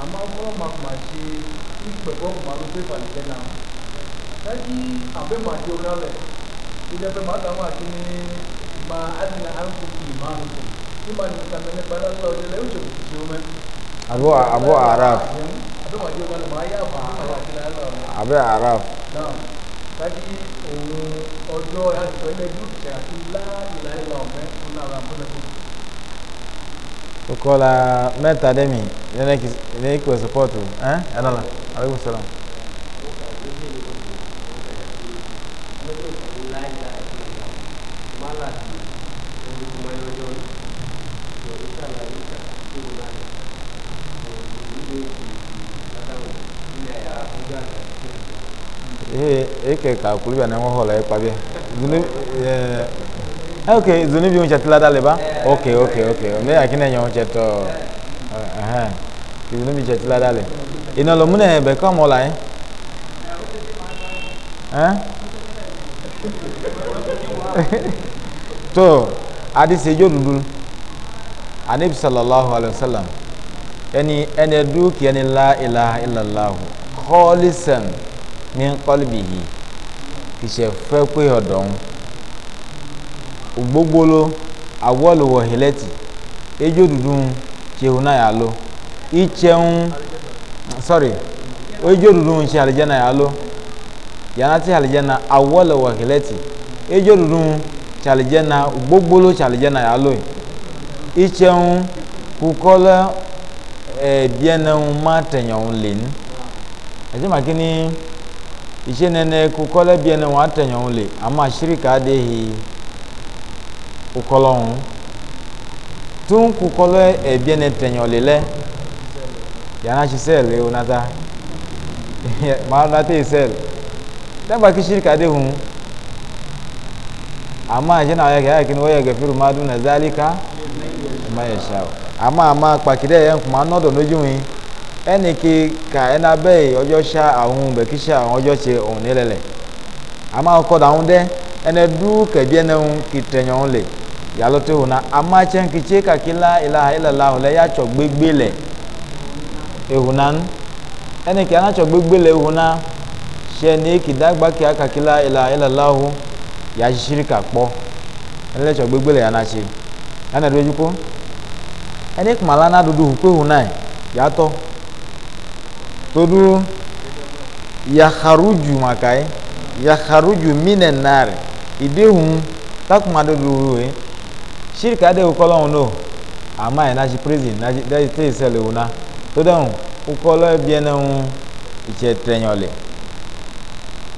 amma kuma mamaci ikpe ko kuma rufe falikena kaji abin ba ke wuna mai idan bai mata ma ki ne ma adina an ku imanu ku imanu ka me ne bala Allah da lauce ku ci mu abu abu arab abin ba ke wuna ma ya ba Allah kila Allah abu arab na'am kaji ọjọ́ ya so ne du ta ti la ila ila o me kuna ra mu ne ku ko kola mẹ́ta demi ne ne ki ne ko support eh ana la alaikum salam ka kuliba na ho la pa bia zuni eh okay zuni bi uncha tilada leba okay okay okay me akina nyo che to aha zuni bi tó adịsị edzo dudu anabi sallallahu alayhi wa sallam ɛni ɛni du la ilaha illallah kɔɔlisan min kɔlibihi kìsɛ fɛkpe ɔdɔn gbogbolo awɔlu wɔhilɛti dudu na yalo dudu yana ti alijana awole wahileti ejo dudun ti alijana gbogbolo ti alijana ya loyi icheun kukola ebienun ma tenyɔn len ɛdi ma kini ise nene lɛ ebienun wa tenyɔn le ama sirika de hi kukɔlɔn tun kukola ebienun tenyɔn le lɛ yana si sɛl ewu nata maa nata yi sɛl. taba ki shirka dai hun amma jina ya ga yakin waya ga firu madu na zalika ma ya sha amma amma pakide yan kuma no do noju yin eni ki ka ena be ojo sha ahun be ki sha ojo che on lele amma ko da hun de ene du ke bi ene hun ki tenyon le ya lo te huna amma chen ki che ka kila ilaha illallah le ya cho gbegbe le ehunan eni ki ana cho gbegbe le ehuna ṣe ní kìdágbà kí akàkílá ìlà ìlàláhu yà á ṣíṣírí kà pọ̀ ẹlẹ́tsọ̀ gbégbé lè yànnà ṣe yànnà ẹ̀dọ́ ẹ̀dọ́ ẹni kùmàlà náà dúdú hùpéhù náà yàtọ̀ tódú yàhàrújù màkàí yàhàrújù mínẹ̀ nàárẹ̀ ìdéhùn takuma dúdú hù yìí ṣírí kà dé òkọ́ lọ́hùn náà àmà yìí náà ṣe prison náà ṣe tẹ́ ìṣẹ̀lẹ̀ òun náà tó dẹ́hùn òkọ́ lọ́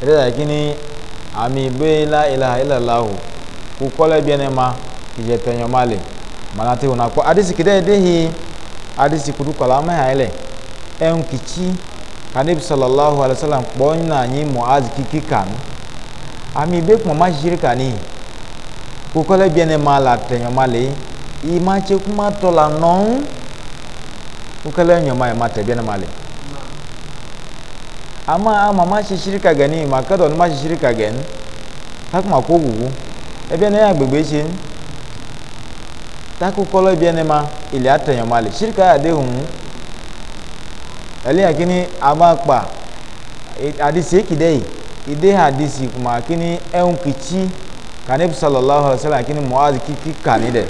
ẹ̀rẹ́dà kìíní àmì ìgbé ilá ilá ilàlá o kú kọ́lẹ́ bí ẹni ma ìjẹ tẹ̀yàn má lè màná tẹ̀wọ̀n náà kpọ́ adisi kìdá ẹ̀dẹ́hì adisi kudu kọ́lá mẹ́hà ẹ̀lẹ̀ ẹ̀hún kìtsi kanibu sallallahu alayhi wa sallam kpọ́ nyina nyi azi kìkì kàn àmì ìgbé kpọ́ má ṣiṣiri kàn ní kú kọ́lẹ́ bí ma là tẹ̀yàn má lè ìmá tse kú má la nọ́ọ́ kú kọ́lẹ́ nyọ̀ má yẹ má tẹ̀ bí ẹni má lè ama ama ma ṣe ṣirika gani ma kẹtọ ni ma ṣe ṣirika gani taku ma kó wuwu ebi ẹni agbègbè ṣe ń taku kọlọ ebi ẹni ma ilẹ̀ atẹ̀yàn ma lè ṣirika yà dé hùn ẹlẹ́yìn kini ama kpa e, adisi ekide yi ide ha adisi kuma kini ẹhun kìtsi kanibu sallallahu alayhi wa sallam kini muaz kiki kani dẹ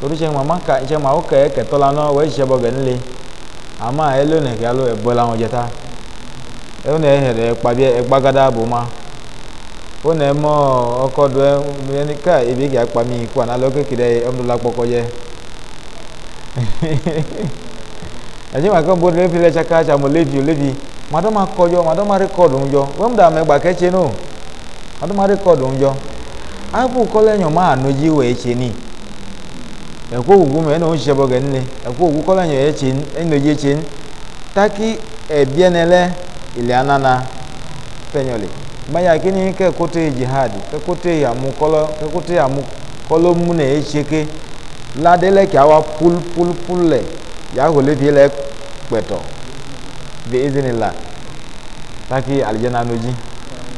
torí ṣe ma ma ka ṣe ma ó kẹ kẹtọ la náà wọ́n ṣiṣẹ́ bọ̀ gẹ̀ ama elu kí alo ẹ̀bọ́ la wọn ewone ehere ekpabie egbagada boma one e ọkọdọ ẹni ká ebi ikú àná kékeré kpọkọ yẹ ẹjẹ màkà o ma kọjọ màdó ma rékọdù ŋdjọ wẹ́n mu dà mẹ gbà kẹ́tsẹ́ nù màdó ma rékọdù ŋdjọ abu kọlẹ nyọ ma ànú dzi wẹ̀ ni ẹkú òwú mẹ ẹnà ó tsẹ bọ gẹ̀ nílé òwú kọlẹ taki e iliana na penyoli manya kini ke kote jihadi ke kote ya mu ke kote ya mu kolo mu na echeke ladele awa pul pul pul le ya hole bi le peto bi izinillah taki aljana noji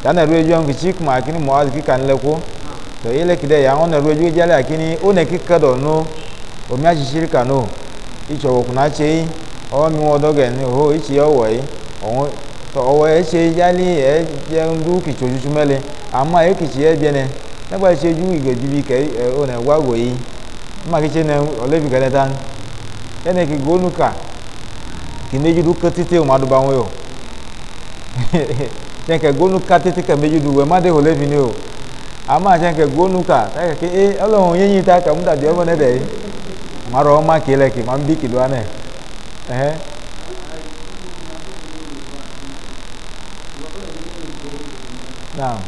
yana rueju an chik ma kini muaz ki kan le ko to ile kide ya ona rueju jale akini one ki kado no o mi ashirika no ichowo kuna chei o mi wodoge ni ho ichi yo wei o tɔwɔ ese yali edze ŋdu kitso tutu mɛlɛ ama ye kitsi yɛ biɛnɛ n'egba ese du igbedubi kɛ ɛ one wago yi ma kitse ne olevi kɛ ne tan ene ki gonu ka kineju du ketete o ma do ba ŋu yɔ tiɛ kɛ gonu ka tete kɛ meju du wɛ ma de olevi ne o ama tiɛ kɛ gonu ka ta kɛ ke e ɔlɔwɔn yenyi ta kɛ mu dabi ɔmɔ ne de ye ma rɔ ɔma ke lɛ ke ma bi kilo anɛ ɛhɛn. Now.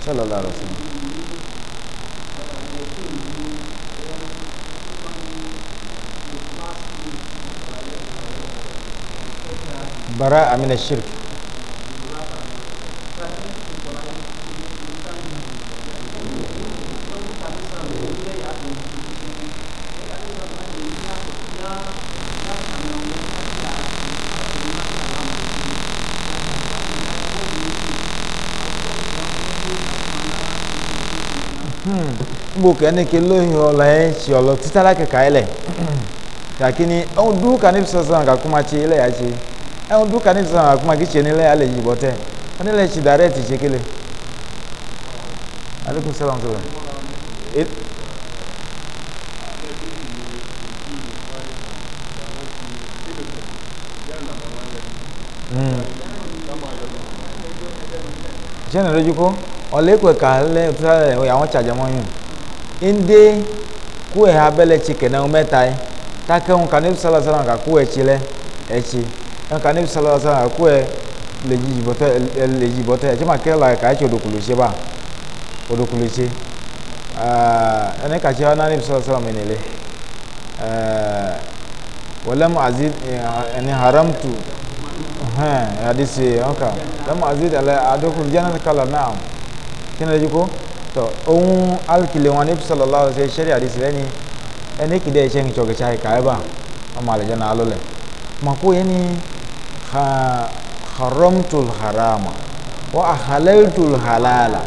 sallallahu alaihi wasallam براءة من الشرك hmm. mbo kene ke lohi ola e si olo titala ke kaile lakini au du kanipsa sana kakuma chi ile ya chi ẹ̀hún dúkà ní sísan àkùmá kì í ṣe nílẹ̀ alẹ́ yìí bọ́tẹ́ eh, wọ́n nílẹ̀ ṣì dàrẹ́ ti ṣe kéle aleykum salaam tó rẹ̀ jẹ́nà lójú kó ọ̀lẹ́kùn ẹ̀ka lẹ́ òtútàlẹ̀ àwọn ṣàjẹ́ mọ́ yìí ndé kú ẹ̀ abẹ́lẹ̀ tsi kẹ̀ náà mẹ́ta yìí tákẹ́ ń kà kà kú ẹ̀ tsi lẹ́ ẹ̀ tsi nka ne bisala sa ko ɛ le jibɔtɔ ɛ le jibɔtɔ ɛ jama kɛ la k'a tsi odokolotse ba odokolotse ɛɛ ɛnɛ ka tsi ana ne bisala sa mɛ nele ɛɛ wɔlɛm azi ɛnɛ haram tu hɛn hadisi ɔnka lɛm azi ɛlɛ adokolo jɛnɛ kala naam kini lɛ dziko tɔ ohun alikile wɔn ne bisala la ɔsɛ sɛri hadisi lɛ ni ɛnɛ kide ɛsɛ ŋtsɔ kɛtsɛ ayi ka yɛ ba ɔmɔ alɛ jɛnɛ alo lɛ mako yɛ ni haramtul harama wa halaltul halala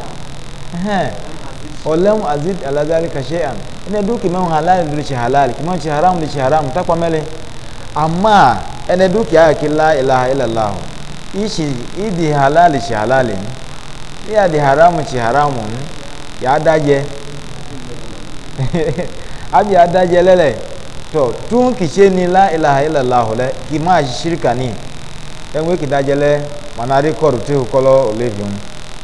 olam azid ala dhalika shay'an ina duki man halal duki halal kiman chi haram duki haram takwa mele amma ina duki ya ki la ilaha illa allah ishi idi halal shi halal ni ya di haram chi haram ya daje abi ya daje lele to tun ki ni la ilaha illa le ki ma shirka ni enwe kidajele mana rekọd tehu kọlọ olevim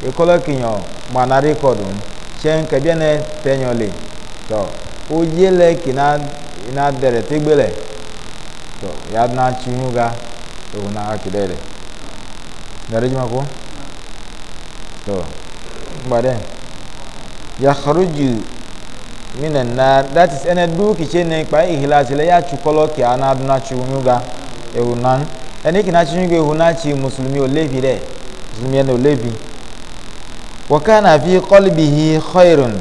ekọlọ kinyo mana rekọd shen kebiene penyoli to ojele kina ina dere tegbele to ya na chihu ga to na akidele narejima ko to gbade yakhruju minan nar that is ene du kichene pa ihlasile ya chukolo ki anaduna chunyuga eunan ene kina chin ge huna chi muslimi olevi re muslimi ne olevi wa kana fi qalbihi khairun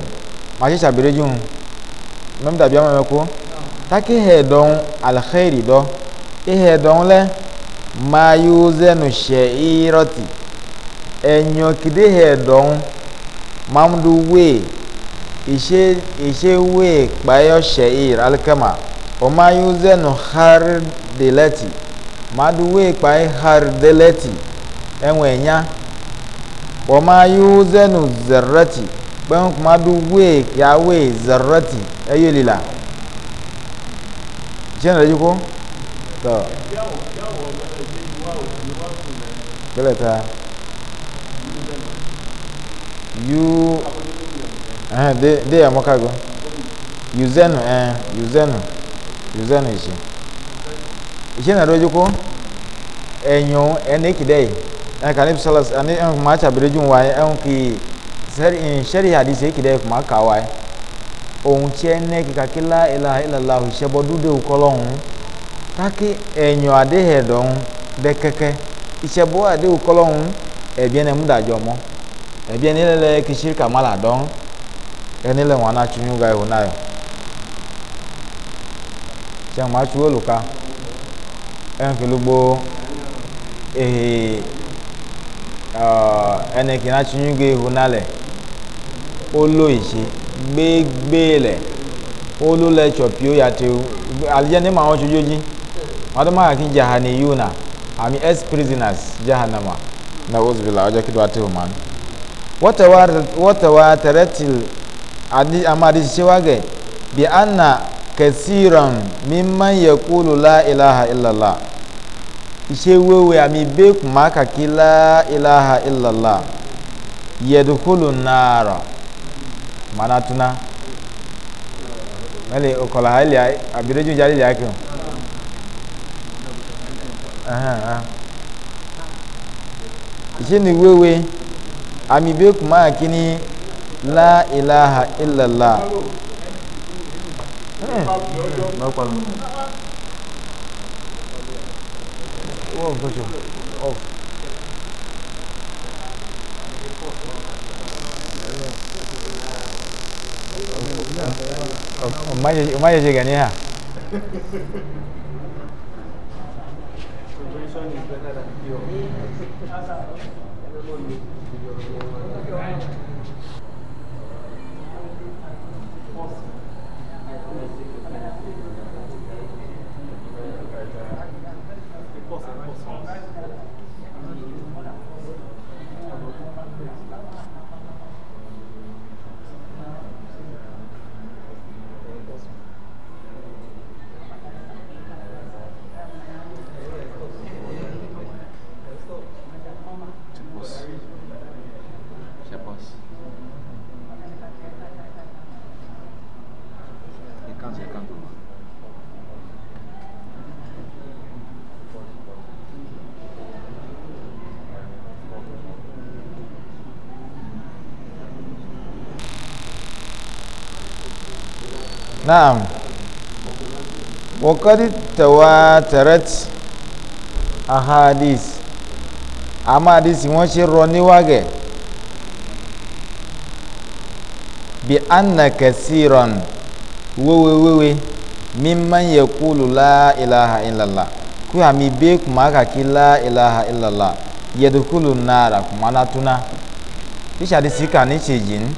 ma chi sabire jun mem da biama me ko ta ki he don al khairi do i he don le ma yuzenu shairati enyo kide he don mamdu we ishe ishe we payo shair alkama o ma yuzenu khardilati maduwe kpai hardeleti enwe nya wama yuzenu zerati, kpɛn maduwe yawe zarrati eyelila tiɲɛ na yiko tɔ kele ta yu ɛhɛn eh, de de yamɔ kagbɔ yuzenu ɛhɛn eh, yuzenu yuzenu yi si ishe na roju ko enyo eniki dai na kalim salas ani en kuma cha birejun wa en ki ser in shari hadisi yake dai kuma kawai ohun tí ẹ ní kíkà kí lá ìlà ìlàlá òṣìṣẹ́bọ dúdú òkọlọ́hún káàkì ẹ̀yàn àdéhẹ̀dọ̀hún bẹ kẹ́kẹ́ ìṣẹ́bọ àdéhùn kọlọ́hún ẹ̀bí ẹni mú dàjọ́ mọ́ ẹ̀bí ẹni ẹnfi lugbo ehe eh, ẹnẹkì náà tìnyúgbé ihu nálẹ olóyìṣe gbégbélẹ olólẹtsọ pio yàtẹwò alijẹ ní ma wọn tsojú jí wọn tó má yuna àmì ex prisoners jahanama na wosibila ọjọ kí ló wà tẹwò mánu wọ́tẹ̀wá tẹ̀rẹ́tìl àmàdìṣẹ́wàgẹ̀ bí anna kẹsìràn mímọ́ yẹ kúlù láìláha ìlàlá ishe wewe amibe kumaka kila ilaha illallah yadkhulu nara mana tuna mele okola hali abireju jali yake aha ishe ni wewe amibe kumaka kini la ilaha illallah hmm. Wow, gościu. O. Umay umay aja gani ha. Thank you. نعم وقد تواترت أحاديث àmọ́ àdìsí wọ́n ṣe rọ níwágẹ̀ bí anna kẹsìrán wéwéwéwé mímọ́ yẹ kúlù láìláha ìlàlá kú àmì bẹ́ẹ̀ kùmà kàkí láìláha ìlàlá yẹdu kúlù náírà kùmà látúná tíṣà àdìsí kà ní ṣèjì ní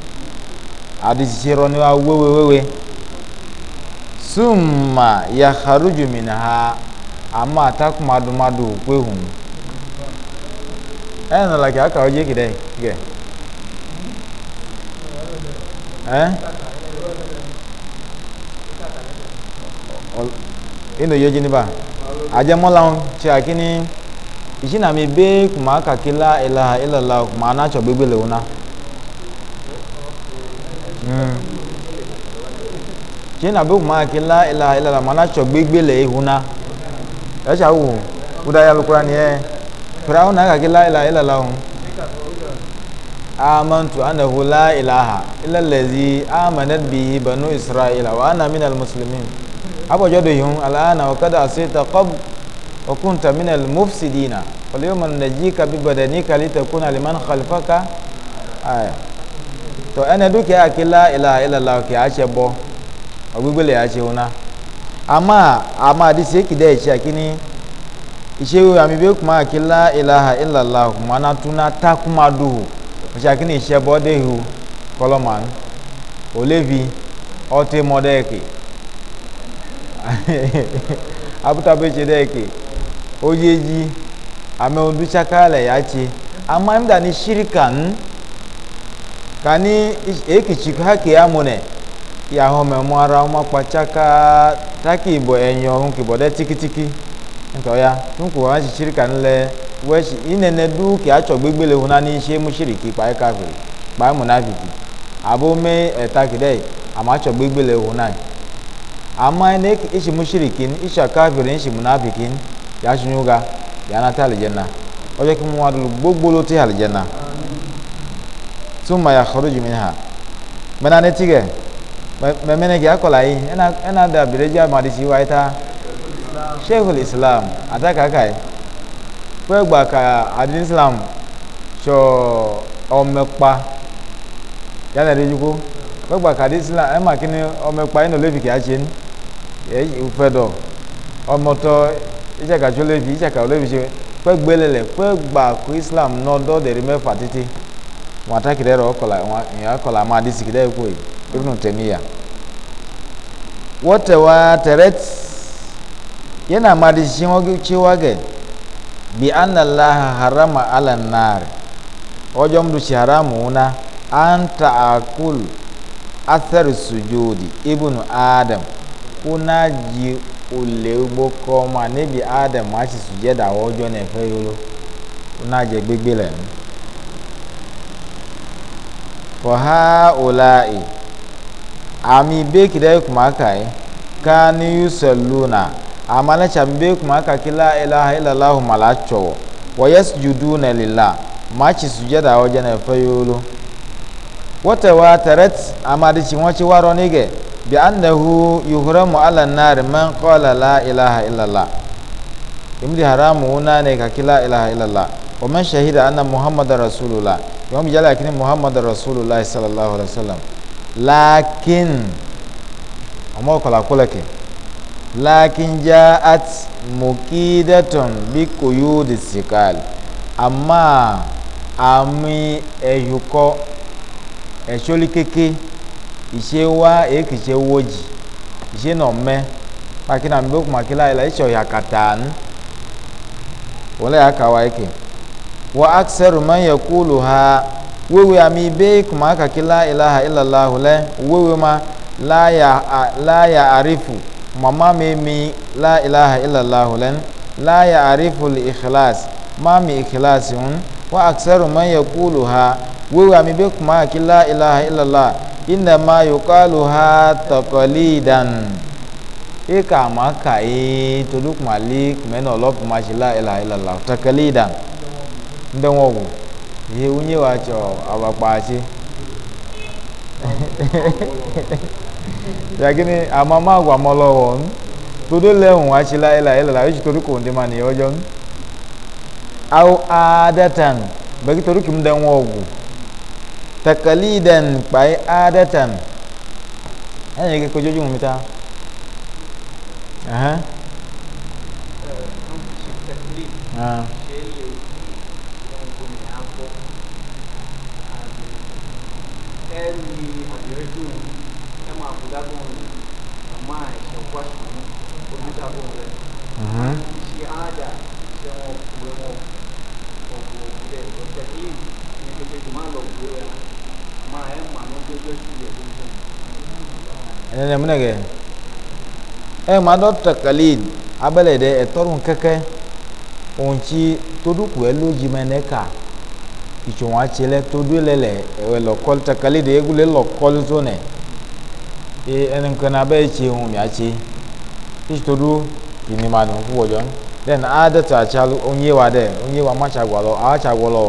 àdìsí ṣe rọ níwá wéwéwéwé summa ya kharuju min ha amma ta kuma dumadu kwe hun eh na laki aka oje ki dai ge eh ino yoji ni ba aje mola un ti akini ishina mi be kuma ka kila ilaha illallah kuma na cho gbegbele una mm tí na bí kuma kí la ìlà ìlà la mana tsɔ gbégbé le ihu na ɛsɛ awo kuda ya lukura ni yɛ firawo na kaki la ìlà ìlà la o amantu anahu la ilaha illa lezi amanat bihi banu israila wa ana minal muslimin abɔjɔ do yihun al'ana wa kada asita qab wa kunta minal mufsidina wal yawma najika bi badanika litakuna liman khalfaka aya to ɛnɛ dukiya kila ila ila la kì í a ọgbẹgbẹlẹ àṣẹwọn náà àmà àmà àdìsí èkìdá ẹṣẹ àkíní ìṣèwé àmì bẹ́ẹ̀ kùmà àkílá ìlàhà ìlàlà kùmà náà tún náà tákùmà dùhù ẹṣẹ àkíní ìṣẹ bọ́dẹ̀ ihò kọlọ́mà òlévi ọtí mọ́dẹ́ẹ̀kì abútàbẹ́ṣẹ dẹ́ẹ̀kì oyeji àmẹ́wọ̀dúnṣákàlẹ̀ yá ṣe àmà ìmúdà ní ṣíríkà ń kàní èkìtì hákè ámúnẹ̀ yàhó mẹ̀mú ara wọn pàtsáká tákì ìbò ẹ̀yìn ọ̀hún kìbọ̀ dẹ́ tíkítíkí nǹkan ya túnkù wọn ti ṣíríkà ńlẹ̀ wẹ́ẹ̀sì ìnẹ̀nẹ̀ dúkì àtsọ̀ gbégbélé wọn ní ṣé mú ṣíríkì pàẹ́ káfìrì pàẹ́ múnáfìkì àbó mẹ́ ẹ̀ta kìdẹ́ àmọ́ àtsọ̀ gbégbélé wọn náà àmọ́ ẹni ìṣì mú ṣíríkì ìṣà káfìrì ìṣì múnáfìkì yàtúnyúga yànnátà àlìjẹ́nà ọjọ́ kí wọ́n adúlù gbogbo ló ti àlìjẹ́nà túmọ̀ yà kọ́rọ́jù mi hà mẹ́nà ní tìgẹ̀ mɛmɛnɛ kì í akɔla yi ɛna ɛna da abirija madisi wa ita sheikhul islam atakaka yi fún ɛgba ka adin islam tsɔ ɔmɛkpa yálà ɛdi dziko fún ɛgba ka adin islam ɛma kini ɔmɛkpa yìí nà olevi kì í atsi yẹn ìfɛ dɔ ɔmɔtɔ ìtsaka tso olevi ìtsaka olevi tsi fún ɛgba lɛ fún ɛgba kó islam nɔdɔ dɛri mɛfa titi wọn ataki dɛ rɛ ɔkɔla wọn akɔla ama adisi kì í dɛ kó ibnu taimiyya watawa taret yana ma da shi cewa ga bi an allaha harama alan nar wajen dushi haramu na an ta'akul athar sujudi ibnu adam kuna ji ule ugbo kọma níbi adam ma ṣe sùjẹ́dà ọjọ́ náà fẹ́ yóró kuna jẹ gbégbé lẹ́nu. fọ̀há ọ̀la ì ami be kidai kuma kai kanu yusalluna amana chambe kuma ka kila ilaha illallah malacho wa yasjuduna lillah machi sujada waje na fayulu wata wa tarat amadi chi wachi waro nige bi annahu yuhramu ala nar man qala la ilaha illallah imdi haramu una ne ka kila ilaha illallah wa man shahida anna muhammadar rasulullah yawm jala kini muhammadar rasulullah sallallahu alaihi wasallam lakin ọmọ kọlá kọlá kẹ lakin ja at mukidatun bi koyo de sikal ama ami ẹyukọ ẹsọli keke ìṣe wa èkì ṣe wojì ìṣe nà mẹ pàkínà mi bó kùmà kí láyé la ìṣe ọ̀yà kàtà ń wọlé àkàwá èkì wọ́n á sẹ́rù kúlù ha wewe ami be kuma kaki la ilaha illallah lɛ wewe ma la ya a la ya arifu mama mi mi la ilaha illallah lɛ la ya arifu li ikhlas ma mi ikhlas un wa aksaru man ya kulu ha wewe ami be kuma kaki la ilaha illallah inna ma yukalu ha takolidan ika ma ka ye tolu kuma li kuma ina ɔlɔ kuma si la ilaha illallah takolidan n ye unye wacho awakpachi yagini amama agwa mọlọwọ n todo lẹhùn àṣìlá ẹlà ẹlà oṣù torí kò ń dé ma nìyẹn ọjọ n aw adatan bẹẹki torí kì í dẹ wọn ọgù takalidan kpai adatan ẹyìn kí kojú ojú mi ta ẹhẹn. Uh -huh. e eh, ma do takalid abele de etorun keke onchi toduku eloji meneka ìṣòwò àtsẹlẹ tó dúró lẹlẹ ẹwẹ lọkọ takalẹ de egule lọkọ lóso nẹ ee ẹnìkan na ẹtsẹ ohun mi àtsẹ ìṣòwò tó dúró ìní ma nù fún onye wa lọ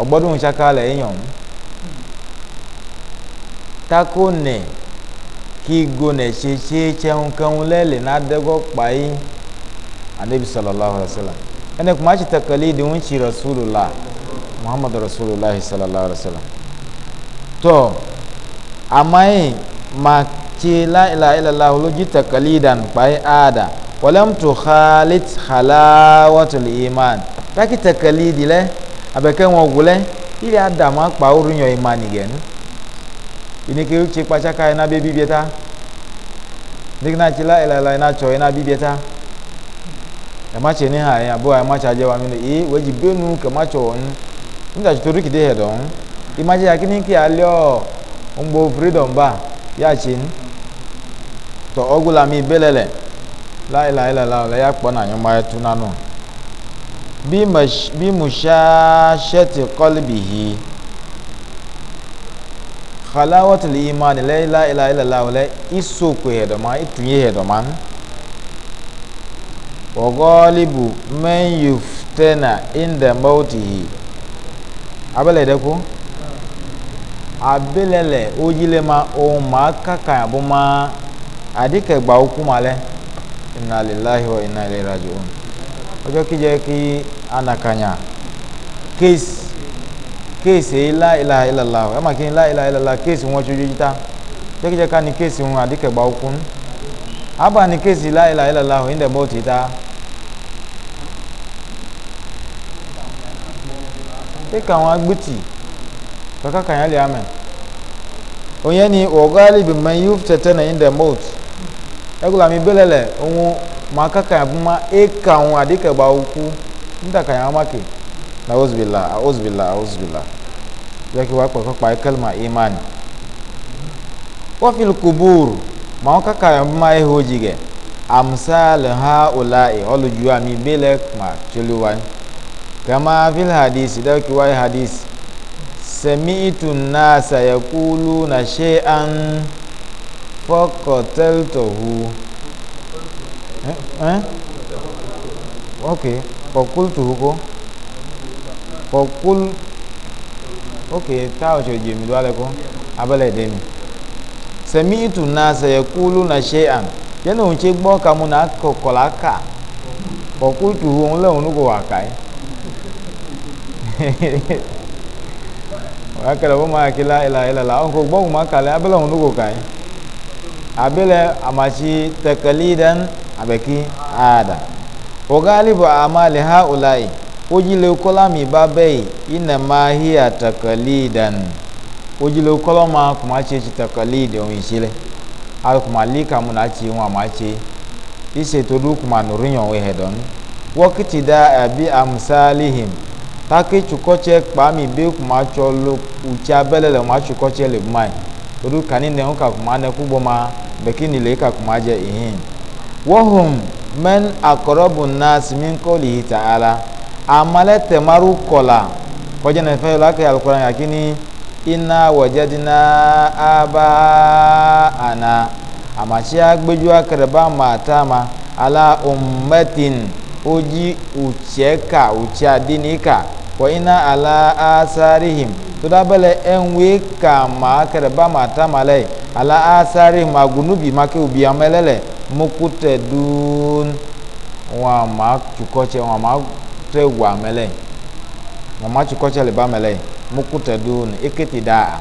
ọgbọdun tsaka le eyan tako ne kí go ne tsetse tsẹnukẹun lẹ le na dẹgọ kpa yi anabi sallallahu alaihi wa sallam ẹni kuma tsi tẹkẹli di ŋun tsi rasulula muhammadu rasululahi sallallahu alaihi wa sallam tọ amayi ma tsi la ila ilala olójú tẹkẹli dan kpa yi aada wọlé mu tu xaalit iman taki tẹkẹli di lẹ abeke ŋɔ wòlɛ ili adamu akpa oru nyɔ ima nigɛnu ineke utsi kpatsaka ina bebi bieta neke na tsi la ilala ina tsɔ ina bi bieta ɛmatsi ni hã abo ɛmatsi adze wa mi no ee wedzi benu kɛmatsɔ wɔnu nudza tso do kide hɛ dɔn imatsi yaki ni ke aliɔ ŋgbo freedom ba yatsi nu tɔ ɔgu la mi bele lɛ la ilala ilala lɛ ya kpɔ na nyɔma ɛtu nanu bí muṣáṣẹ́tì kọ́lìbìhì halawatul imani la ilaha illa allah wala isoku hedoma itunye hedoma wa ghalibu man yuftana inda mautihi abele de ko abelele ojile ma ohun ma kaka abu ma adike gba oku ma ọjọ́ eh, kí jẹ́ kí anakanya kéèsì kéèsì ilá ilá ilàlá ẹ mà kí ilá ilá ilàlá kéèsì wọn ṣojú yíta jẹ́ kí jẹ́ ká ní kéèsì wọn àdìkẹ̀gbà okun abà ní kéèsì ilá ilá ilàlá ọ̀ ìndẹ̀ bọ́ọ̀tì ta kíkà àwọn agbútì kàkà kàyà lè amẹ̀ òyìn ni ọ̀gá alìbìmọ̀ yóò tẹ̀tẹ̀ ní ìndẹ̀ bọ́ọ̀tì ẹgbẹ̀rún àmì bẹ́lẹ̀lẹ̀ ohun maka kanya kuma e kawun a dika ba uku inda kanya make na uzbila a uzbila a uzbila ya ki wakwa kakwa ya kalma imani wafil kubur ma waka kanya kuma e hojige amsal ha ula'i olu juwa mi belek ma chuluwan kama fil hadisi da ki wai hadisi sami'tu nasa yaquluna shay'an faqataltuhu eh? eh? okay fakultu ko fakul okay ta wace jemi dole ko abala da mi sami'tu nasa yaquluna shay'an yana unce gbo ka mu na kokola ka fakultu e. won la e e unu go wakai wa kala bo ma kila ila ila la on ko gbo ma kala abala unu go kai abele amashi takalidan abeki ada ogalibu amali ha ulai ojile kolami babai ina ma hiya takalidan ojile koloma kuma ce ci takalid on isile al kuma lika muna ci wa ma ce ise to du kuma nurun we hedon wakiti da abi amsalihim taki chukoche kpami be kuma cholo uchi abelele ma chukoche le mai odu kani ne nka kuma ne kubo ma bekini le ka kuma je ihin wọ́hùn mẹ́n àkọ́rọ́bù náà sìmínkọ́lì yìí tààlà àmàlẹ́ tẹ̀márù kọ̀là kọjá náà fẹ́ lọ́kẹ́ àlùkọ́lá yà kí ni iná wọ̀jẹ́dínà ábá àná àmàṣí agbẹ́jú akẹrẹ̀bá màtáàmà alá ọ̀mẹ́tìn ojí ùchẹ́kà ùchẹ́adínìkà wọ́n iná alá ásárìhìm tó dábẹ́lẹ̀ ẹ̀ǹwé kà má akẹrẹ̀bá màtáàmà lẹ́yìn alá ásárìhìm agùnúbì mákẹ́ òbí amẹ́lẹ́lẹ̀ mokutɛdun wọn a ma tsukɔtsɛ wọn a ma tɛ wu amɛlɛ wọn a ma tsukɔtsɛ le ba amɛlɛ mokutɛdun ekete daa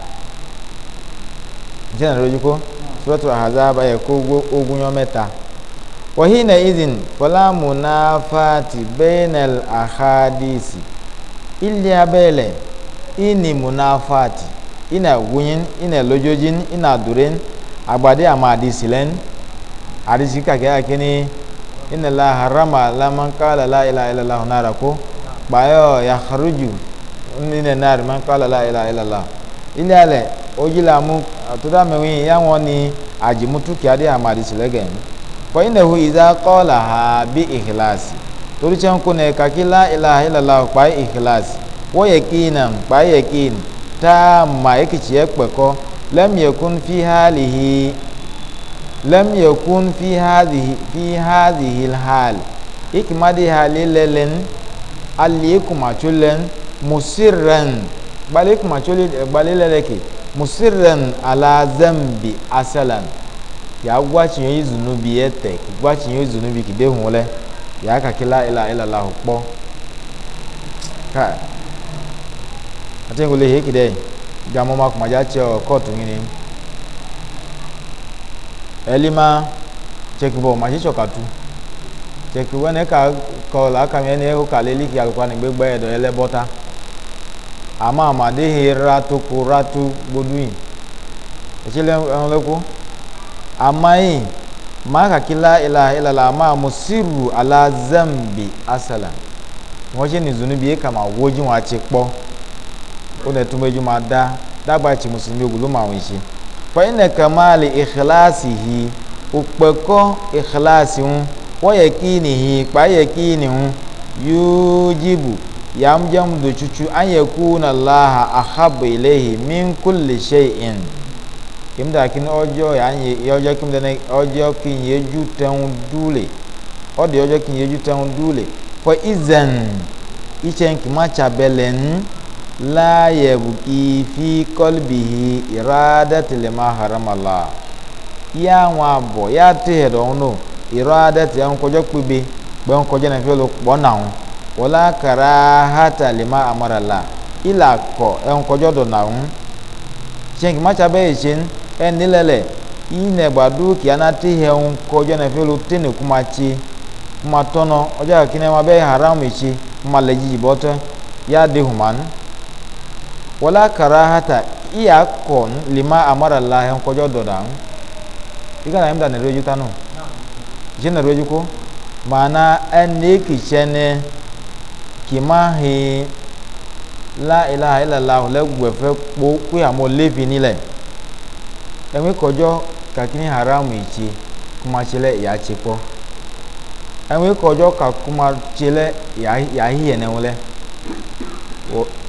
jẹ́ nàlọ́ yìí kó sọ́tò àhàzá abayẹ kó ogun yọ mẹ́ta wọ́hìn na ìdìn fọláàmù náà fàtì bẹ́ẹ̀nẹ̀l àhádìsì ilé munafati ina wunyin ina lojojin ina durin agbade ama adisi lẹ́nu hadisi kake ake ni inna la harama la man qala la ilaha illallah nara ko bayo ya kharuju nina nar man qala la ilaha illallah ile ale ojila mu atuda mewi ya won ni ajimutu ki ade amari silege ni fa innahu idza qala ha bi ikhlas torí chan ko ne ka ki la ilaha illallah pa ikhlas wo yakinan pa yakin ta ma yake ci ya peko lam yakun fi halihi lam yakun fi hadhihi fi hadhihi alhal ikmadi halilelen alikuma chulen musirran balikuma chuli balileleke musirran ala zambi asalan ya gwachiyo izunubi ete gwachiyo izunubi kidehunle ya ka kila ila ila la hukpo ka atengo le hekide gamo makuma jacho kotu ngini elima chekibo mashisho katu chekibo e ne ka kola kami ene ko kaleli ki alikuwa ni gbegbe edo ele bota ama amadehi ratu kuratu gboduyin echile enleku amayi maka kila ila ilala ama musiru ala zambi asala wọ́n ṣe ní zunubi yìí e kà máa wójú wọn àti pọ́ ó nẹ̀ tún máa dá dágbà tí mùsùlùmí ogun ló máa wọ̀ ṣe fẹ́yìnà kàmáàlì ìkìláàsì yìí òpẹ̀kọ́ ìkìláàsì ń wọ́n yẹ kí nìyí pa yẹ kí nìyí yóò jìbù yàmjàm dòtútù ànyẹ̀kú nà láha àhábò ìlẹ́yìn mínkù lè ṣe ìn kìmdà kí ni ọjọ́ yànyẹ ọjọ́ kìmdà ní ọjọ́ kí n yẹjú tẹ̀hún dúlẹ̀ ọdẹ ọjọ́ kí n yẹjú tẹ̀hún dúlẹ̀ fọ ìzẹ̀n ìṣẹ̀ǹkì má tsabẹ̀lẹ̀ ń. la yabki fi qalbihi iradati lima haramala ya nwa bo ya tihe do no iradati an kojo kube gbe an kojo na fe lo po na un wala karahata lima amarala ila ko en kojo do na un shen ma cha be shin en nilele ine gbadu ki ana tihe un kojo na fe lo tene kuma chi kuma tono oja kine ma be haram ya de human wala karahata iya kon lima amara lahen kojo dodan iga na imda na reju tanu je na reju ko mana enne ki chene kimahi la ilaha illallah le gwefe po ku ya mo levi nile emi kojo kakini haramu ichi kuma chele ya chipo emi kojo kakuma chele ya ya hiye ne wole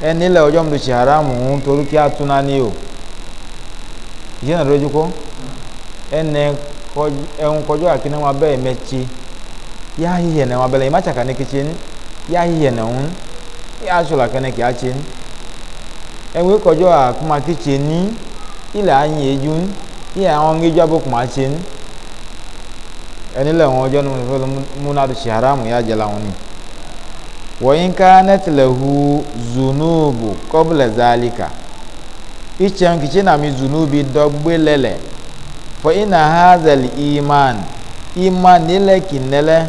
ẹni lẹ ọjọ́ mi ló ṣe haramu ń torí kí a tún náà ní o ìṣe náà lójú kó ẹnẹ ẹhun kọjú àkínní wọn abẹ́ ẹ̀mẹ́tsi yá hihẹ̀ náà wọn abẹ́lẹ̀ ìmá tsaka ní kìtsi ní yá hihẹ̀ náà ń yá sọ̀rọ̀ àkànnì kìá tsi ní ẹhun kọjú àkúmá kìtsi ní ilẹ̀ anyi edu ní yíyà àwọn ŋéjú abókùnmá tsi ní ẹni lẹ wọn ọjọ́ mi ló ṣe haramu yá jẹ́ làwọn ni wọ́n kánẹ́t lẹ́hu zunubu kọ́bùlẹ̀ zálíkà ìtsẹ̀n kìtsẹ́ nàmi zunubi dọ́gbé lẹ́lẹ̀ fọ́ iná hazel iman iman nílẹ̀ kìnnẹ́lẹ̀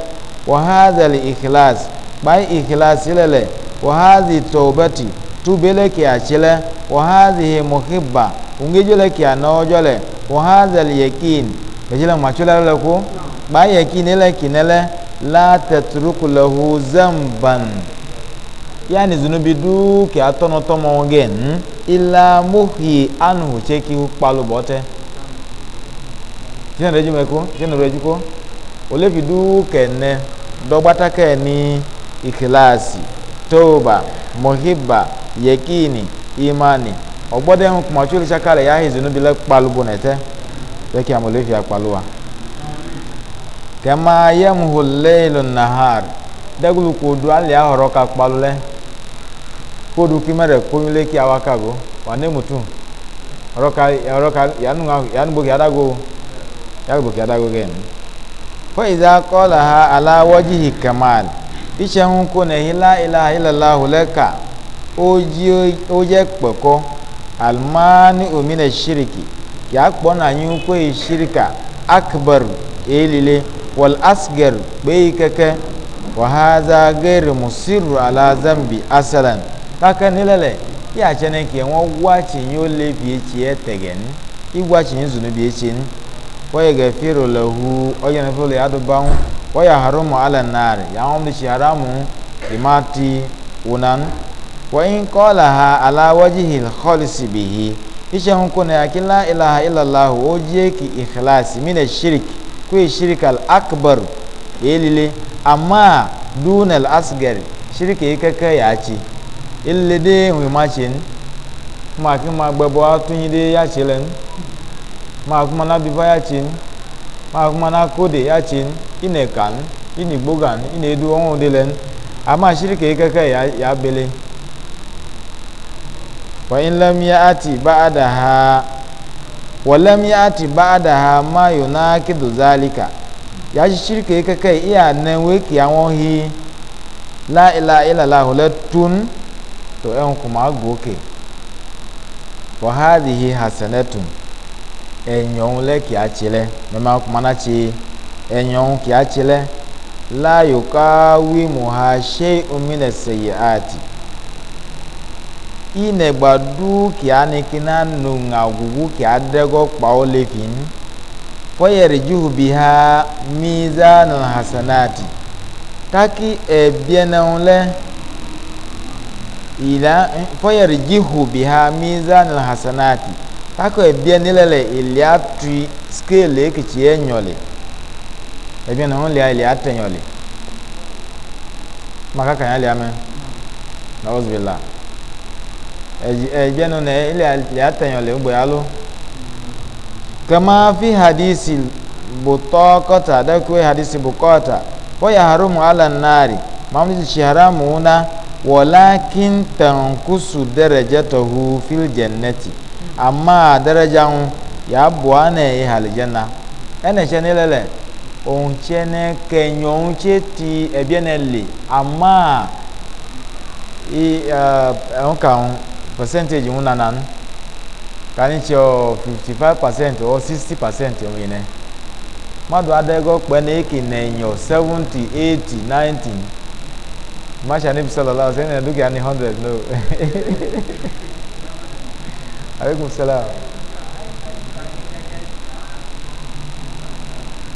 wọ́n hazel ìkìlás báyìí ìkìlás lẹ́lẹ̀ wọ́n hazi tọ́bẹ̀tì túbẹ̀lẹ̀ kì àtsẹ́lẹ̀ wọ́n hazi mọ̀kìbà ńgẹ́jọ́lẹ̀ kì ànáwọ́jọ́lẹ̀ wọ́n hazel yẹkìn kìtsẹ́lẹ̀ mọ̀tsọ́lẹ̀ lẹ́kọ́ la tatruku lahu zamban yani zunubi duke atɔnɔtɔmɔ gen ila muhi anhu tseki kpalu bɔtɛ tiɲɛ rɛdzi mɛ ko tiɲɛ rɛdzi ko olefi duke nɛ dɔgbata kɛ ni ikilasi toba mohiba yekini imani ɔgbɔdɛ ŋu kumatsi olitsaka le yahi zunubi lɛ kpalu bonɛtɛ bɛ kí amolevi akpalu wa. kama yamhu leilu nahar dagulu kodu ali ahoro ka kpalule kodu kimere konyule ki awaka go wane mutu oroka oroka yanu yanu boki adago yanu boki adago gen fa iza qalaha ala wajhi kamal ise hun ko ne la ilaha illallah laka oji oje poko almani umina shiriki ya kpona yun ko shirika akbar elile wal asgar gbeyi kɛkɛ wa haza gɛri musiru ala zambi asalan kaka nilɛlɛ yi a kyɛnɛ kɛ wɔn waakyi yi o le bie kyeɛ tɛgɛni i waakyi yi zunu bie kyeni wɔyɛ gɛfiro lahu ɔyɛ nafɛ lɛ aduban wɔyɛ haramu ala naari yahoo mi kyi haramu imati unan wɔyin kɔɔla ha ala wajihi kɔlisi bihi ihyɛn ko na yaki ilaha illallah o jie ki ikhlasi mina shiriki kuyi shirka al'akbar ya lile amma duna al'asgar shirka yi kaka ya ce ille de wi ma ce ni ma ki ma gbabo atun yi de ya ce len ma na bifa ya ce ni na kode ya ce ina kan ina gbogan ina edu ohun de len amma shirka yi kaka ya, ya bele wa in lam ya ati ba'adaha walam ya ci ba da ha ma yuna kidu zalika ya ci shirka ya kai iya nan wiki ya wahi la ila ila la hulatun to yan kuma goke wa hadhihi hasanatun enyon le ki a chile me ma kuma na ci enyon ki a chile la yukawi muha shay'un min as-sayyi'ati ine gbadu kia nikina nunga gugu kia dego kpao lefin fayarjuhu biha mizanul hasanati taki ebienenle ila eh, fayarjuhu biha mizanul hasanati tako ebienilele iliatri scale ekichi enyole ebienenle iliatenyole makakanya liame nauzubillah ẹjẹnu nẹ ilẹ atẹyàn ugbo gbẹ alo kama fi hadisi butọ kọta dakuwe hadisi bukọta fọyà harumu ala nari mamu e ti si e haramu na wọlákin tankusu dẹrẹjẹ tọhu fil jẹnẹti ama dẹrẹjẹ ŋu yà bọ ana yi halijanna ẹnna ìṣe ni lẹlẹ òun tiẹ nẹ kẹnyọ òun tiẹ ti ẹbí ẹnẹ lè ama i ẹ eh, percentage ŋun nana nu kani tsi ɔ fifty five percent ɔ sixty percent ɔmo yinɛ madu aɖe gbɔ kpɛ ne eke nɛnyɔ seventy eighty ninety masha ne bisala la ɔsɛ ɛnɛ dukia ni hundred no aleykum salaam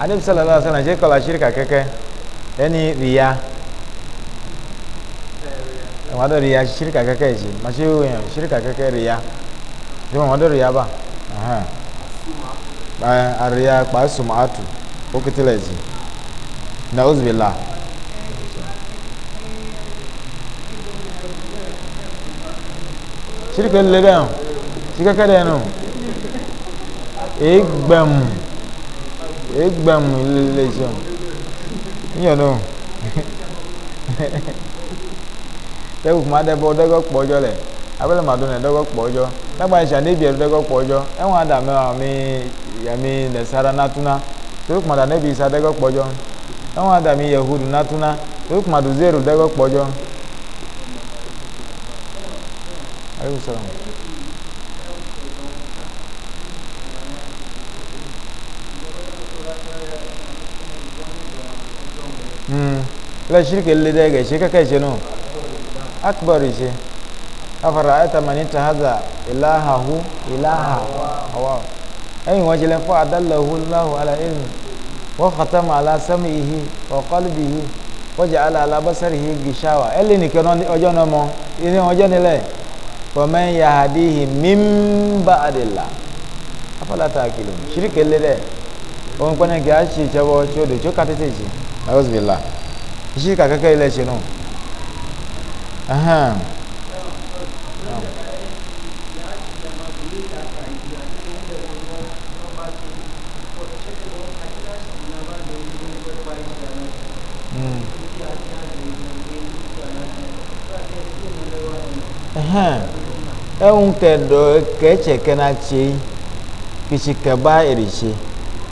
anabi sallallahu alaihi wa sallam ṣe kɔla ṣirika kɛkɛ ɛni riya wado riya shirka kake shi mashi yin shirka kake riya jima wado ria ba a ria kpa su ma'atu ko kitila ji na uzbila shirka lebe yan shi kake da yanu egbem egbem lele shi yan yanu tẹ́wù fún adẹ́bọ̀ dọ́gọ́ kpọ̀ ọjọ́ lẹ̀ abẹ́lẹ̀ màdùn nẹ̀ dọ́gọ́ kpọ̀ ọjọ́ tẹ́gbà ìṣà níbi ẹ̀rọ dọ́gọ́ kpọ̀ ọjọ́ ẹ̀wọ̀n àdàmẹ́ àmì yẹmi nẹ̀sára nátúná torí kùmàdà níbi ìṣà dọ́gọ́ kpọ̀ ọjọ́ ẹ̀wọ̀n àdàmì yehudu nátúná torí kùmàdù zéèrù dọ́gọ́ kpọ̀ ọjọ́. Mm. Lẹ́sìrìkì lédè gẹ̀ẹ́sì kẹ́kẹ́ ìṣẹ́ náà akbar ce afara'aita manita haza ilahahu ilaha hawa ayin wajilan fa adallahu allahu ala ilmi wa khatama ala sam'ihi wa qalbihi wa ja'ala ala basarihi gishawa ele ni kan ojo na mo ile ojo ni le wa man yahdihi min ba'dillah afala ta'qilun shirike le de on kwana ga shi chabo chodo chokatete ji auzubillah shirika kaka ile chenu Aha. ehun tɛ dɔ kɛtsɛ kɛnɛ tse kisi kaba eri tse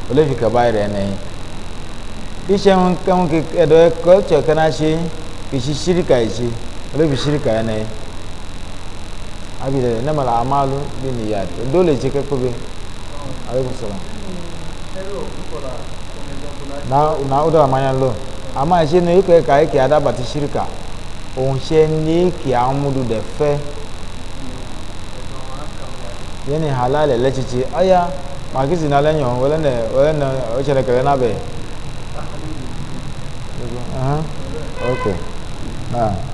olevi kaba eri ɛnɛ kisi ehun kɛhun dɔ kɛtsɛ kɛnɛ tse kisi sirika tse rabi shirka yanayi abida na mala amalu bin niyad dole ce kai kobe alaikum salam na na uda manyan lo amma ce ne yake kai ke ada bati shirka on se ni ki amudu de fe yani halale lachichi aya magizi na lenyo wala ne wala ne o chere kale na be okay ah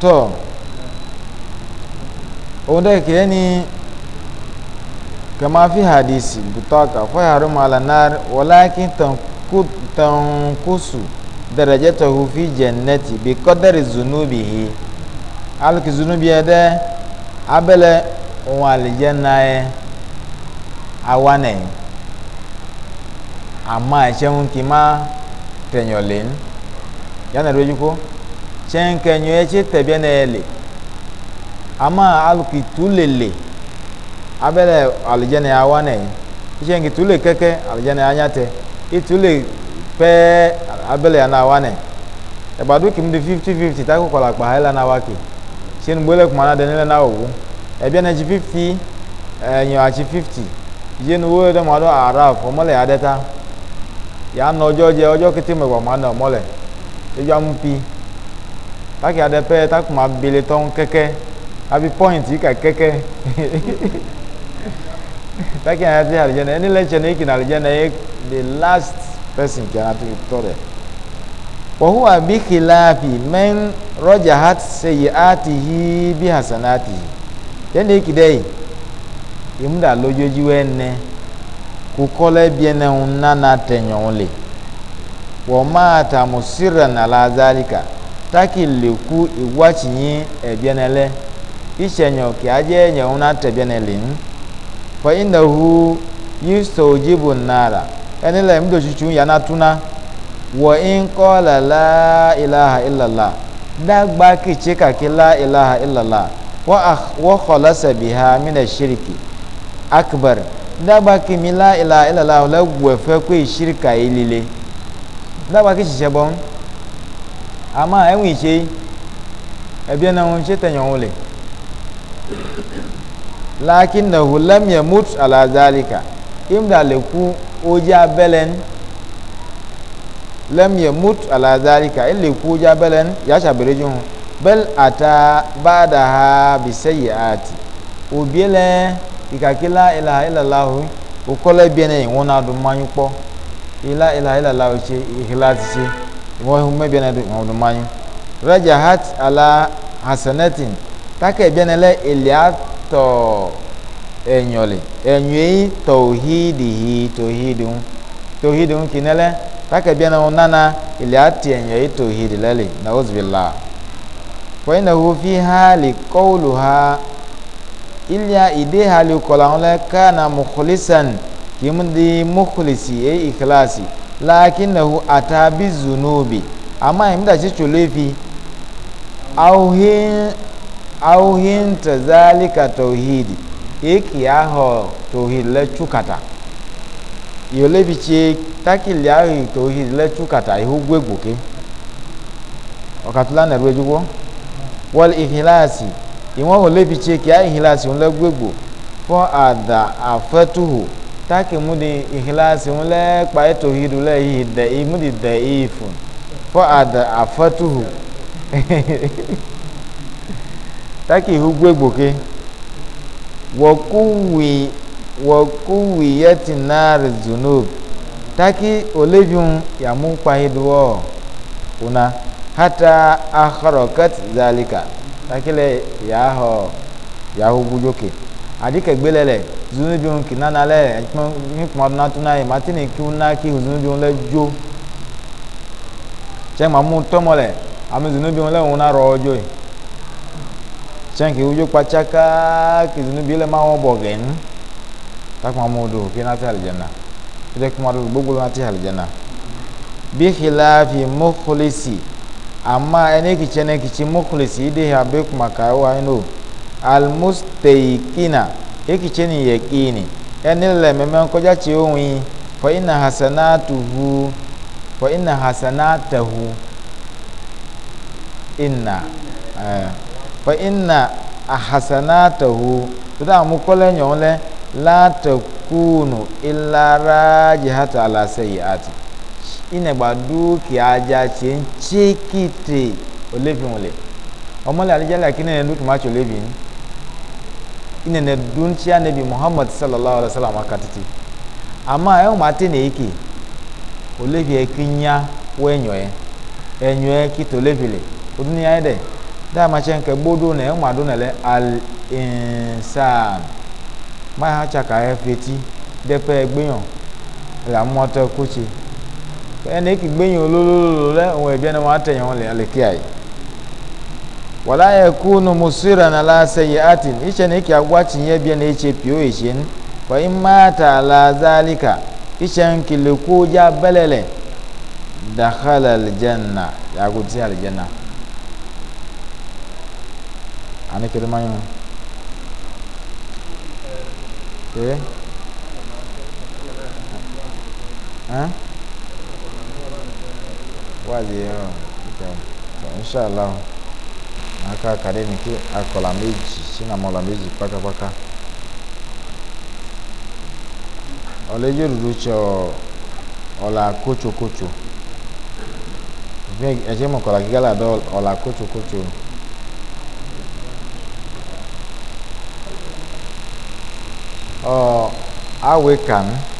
tọ́ òun dẹ́ kìí ni kama fi hadisi butaka fayaru malanar walakin tankusu darajatahu fi jannati bi qadari zunubihi alki zunubi ya de abele ohun alijanna ye awa ne amma ẹ̀ṣẹ̀ ń kì í má tẹ̀yàn lẹ́nu yánà ìrójú kó tsenke nyuie tse tebie ne ama aluki tulele abele abe le alijɛne awa ne tsenke tu le keke alijɛne anyate itu le pɛɛ abe le yana awa ne egbadu kim di fifty fifty ta koko la kpa na waki ke tsenu gbele kuma na e, de ne na owu ebie ne tsi fifty enyua tsi fifty yenu wo ɖe araf ɔmɔle ya ya nɔ ɔdzɔ dze ɔdzɔ kete me gbɔ ma nɔ taki aɖe pɛ taku ma bele tɔ ŋu kɛkɛ abi point yi ka kɛkɛ taki aɖe ti alidzɛnɛ ɛni lɛ tsɛ ne yi kina alidzɛnɛ ye the last person kana ti tɔ dɛ wɔhu abi xilaafi mɛn rɔdza ha seyi atihi bi hasana atihi yɛn de yi ki dɛ yi emu da lɔdzodzi wɛ nɛ kukɔ lɛ bie nɛ ŋu nana tɛ nyɔnu le wɔ maa ta mo sira na la zalika taki leku iwachinyi ebienele ishenyo kiaje nyeuna tebienelin fa innahu yustojibu nara enile mdochuchu yana tuna wa in qala la ilaha illallah dagba kichika ki la ilaha illallah wa akh wa khalasa biha min ashirki akbar dagba ki mi la ilaha illallah la gwefe ku shirka ilile dagba ki chebon ama enwe ise ebi na wọn ṣe tẹ̀yàn wọn lè lakin na hulam ya mut alazalika imda le ku oji abelen lam ya mut alazalika in le ku oji abelen ya ṣàbẹ̀rẹ̀ jù hàn bẹ́ẹ̀ ata bá da ha bisẹ́ yìí àti òbí lẹ́ ìkàkílá ìlà ìlàláhu òkọ́lẹ́ bí ẹni ìwọ́n náà dùn máa ń pọ̀ ìlà ìlà ṣe ìhìlá ti ṣe wɔn mɛ bi na do wɔn ma raja hat ala hasanatin taka bi na lɛ elia tɔ enyɔli enyɔi tɔhidihi tɔhidihu tɔhidihu kina lɛ taka bi na wɔn nana elia ti enyɔi tɔhidi lɛ li na ozibila wɔyi na wo fi ha li kɔɔlu ha ilya ide ha li kɔla wɔn lɛ kana mukulisan kimu di mukulisi e ikilasi. na lakinahu atabi zunubi amma himda shi chulefi auhin auhin tazalika tauhidi iki aho tauhid le chukata yolebi che takili aho tauhid le chukata ihugwe gboke ọkatula na ruwe jugwo wal ihilasi iwọn olebi che kia ihilasi nlegwegbo fọ ada afẹtuhu taki mudi ikhlasi mu lɛ kpae tohidu lɛ yi da i mudi da i fun fo ada afatuhu taki ihu gbegboke wɔkuwi wɔkuwi yɛti naari zunob taki oleviun yamu kpahiduwɔ una hata akɔrɔ kati zalika taki lɛ yahɔ yahu gbudoke adike gbele le zunudun kinana le nyikpɔduna tuna yi matini kiwuna ki zunudun le dzo tse mamu tɔmɔ le ame zunudun le ŋuna rɔ dzo yi tse ki wudzo kpatsaka ki zunubi le ma wɔ bɔ gɛn takuma mu do kina fi alijana kide kuma do gbogbo na ti alijana bi khilafi mokholisi ama ene kitsi ene kitsi mokholisi de abe kuma ka wa yi almustaikina ekiche ni yekini enile meme nkoja chi onwi fa inna hasanatuhu fa inna hasanatahu inna eh, fa inna hasanatahu tuda mukole nyole nyon le la takunu illa rajihata ala sayiati ina gbadu ki aja chi chikite olefin ole ọmọlẹ alijala kí ni ẹnu tó máa ina na dunci annabi muhammad sallallahu alaihi wasallam akatiti ama e ma te na iki olevi e kinya we nyoe enyoe ki to levile odun ya ide da ma chen ke bodo na ma do na le al insan ma ha cha ka e feti de pe egbeyan la moto kuchi ene ki gbeyan olololo le won e bi na ma teyan le ale ki ayi wala yakunu musiran ala sayyi'atin ishe ne yake agwacin ya biya ne yace fiyo ishe ne fa in mata ala zalika ishen kiliku ja balale dakhala aljanna ya gutsi aljanna ani kirman yana eh eh wazi yo insha Allah n'aka akademiki akọla méjì sinamọla méjì pátápátá ọlẹjọ dudu tsẹ ọla kotsokotso ẹtsẹ mọkọla gíga la dọ ọla kotsokotso. ọ awe kan.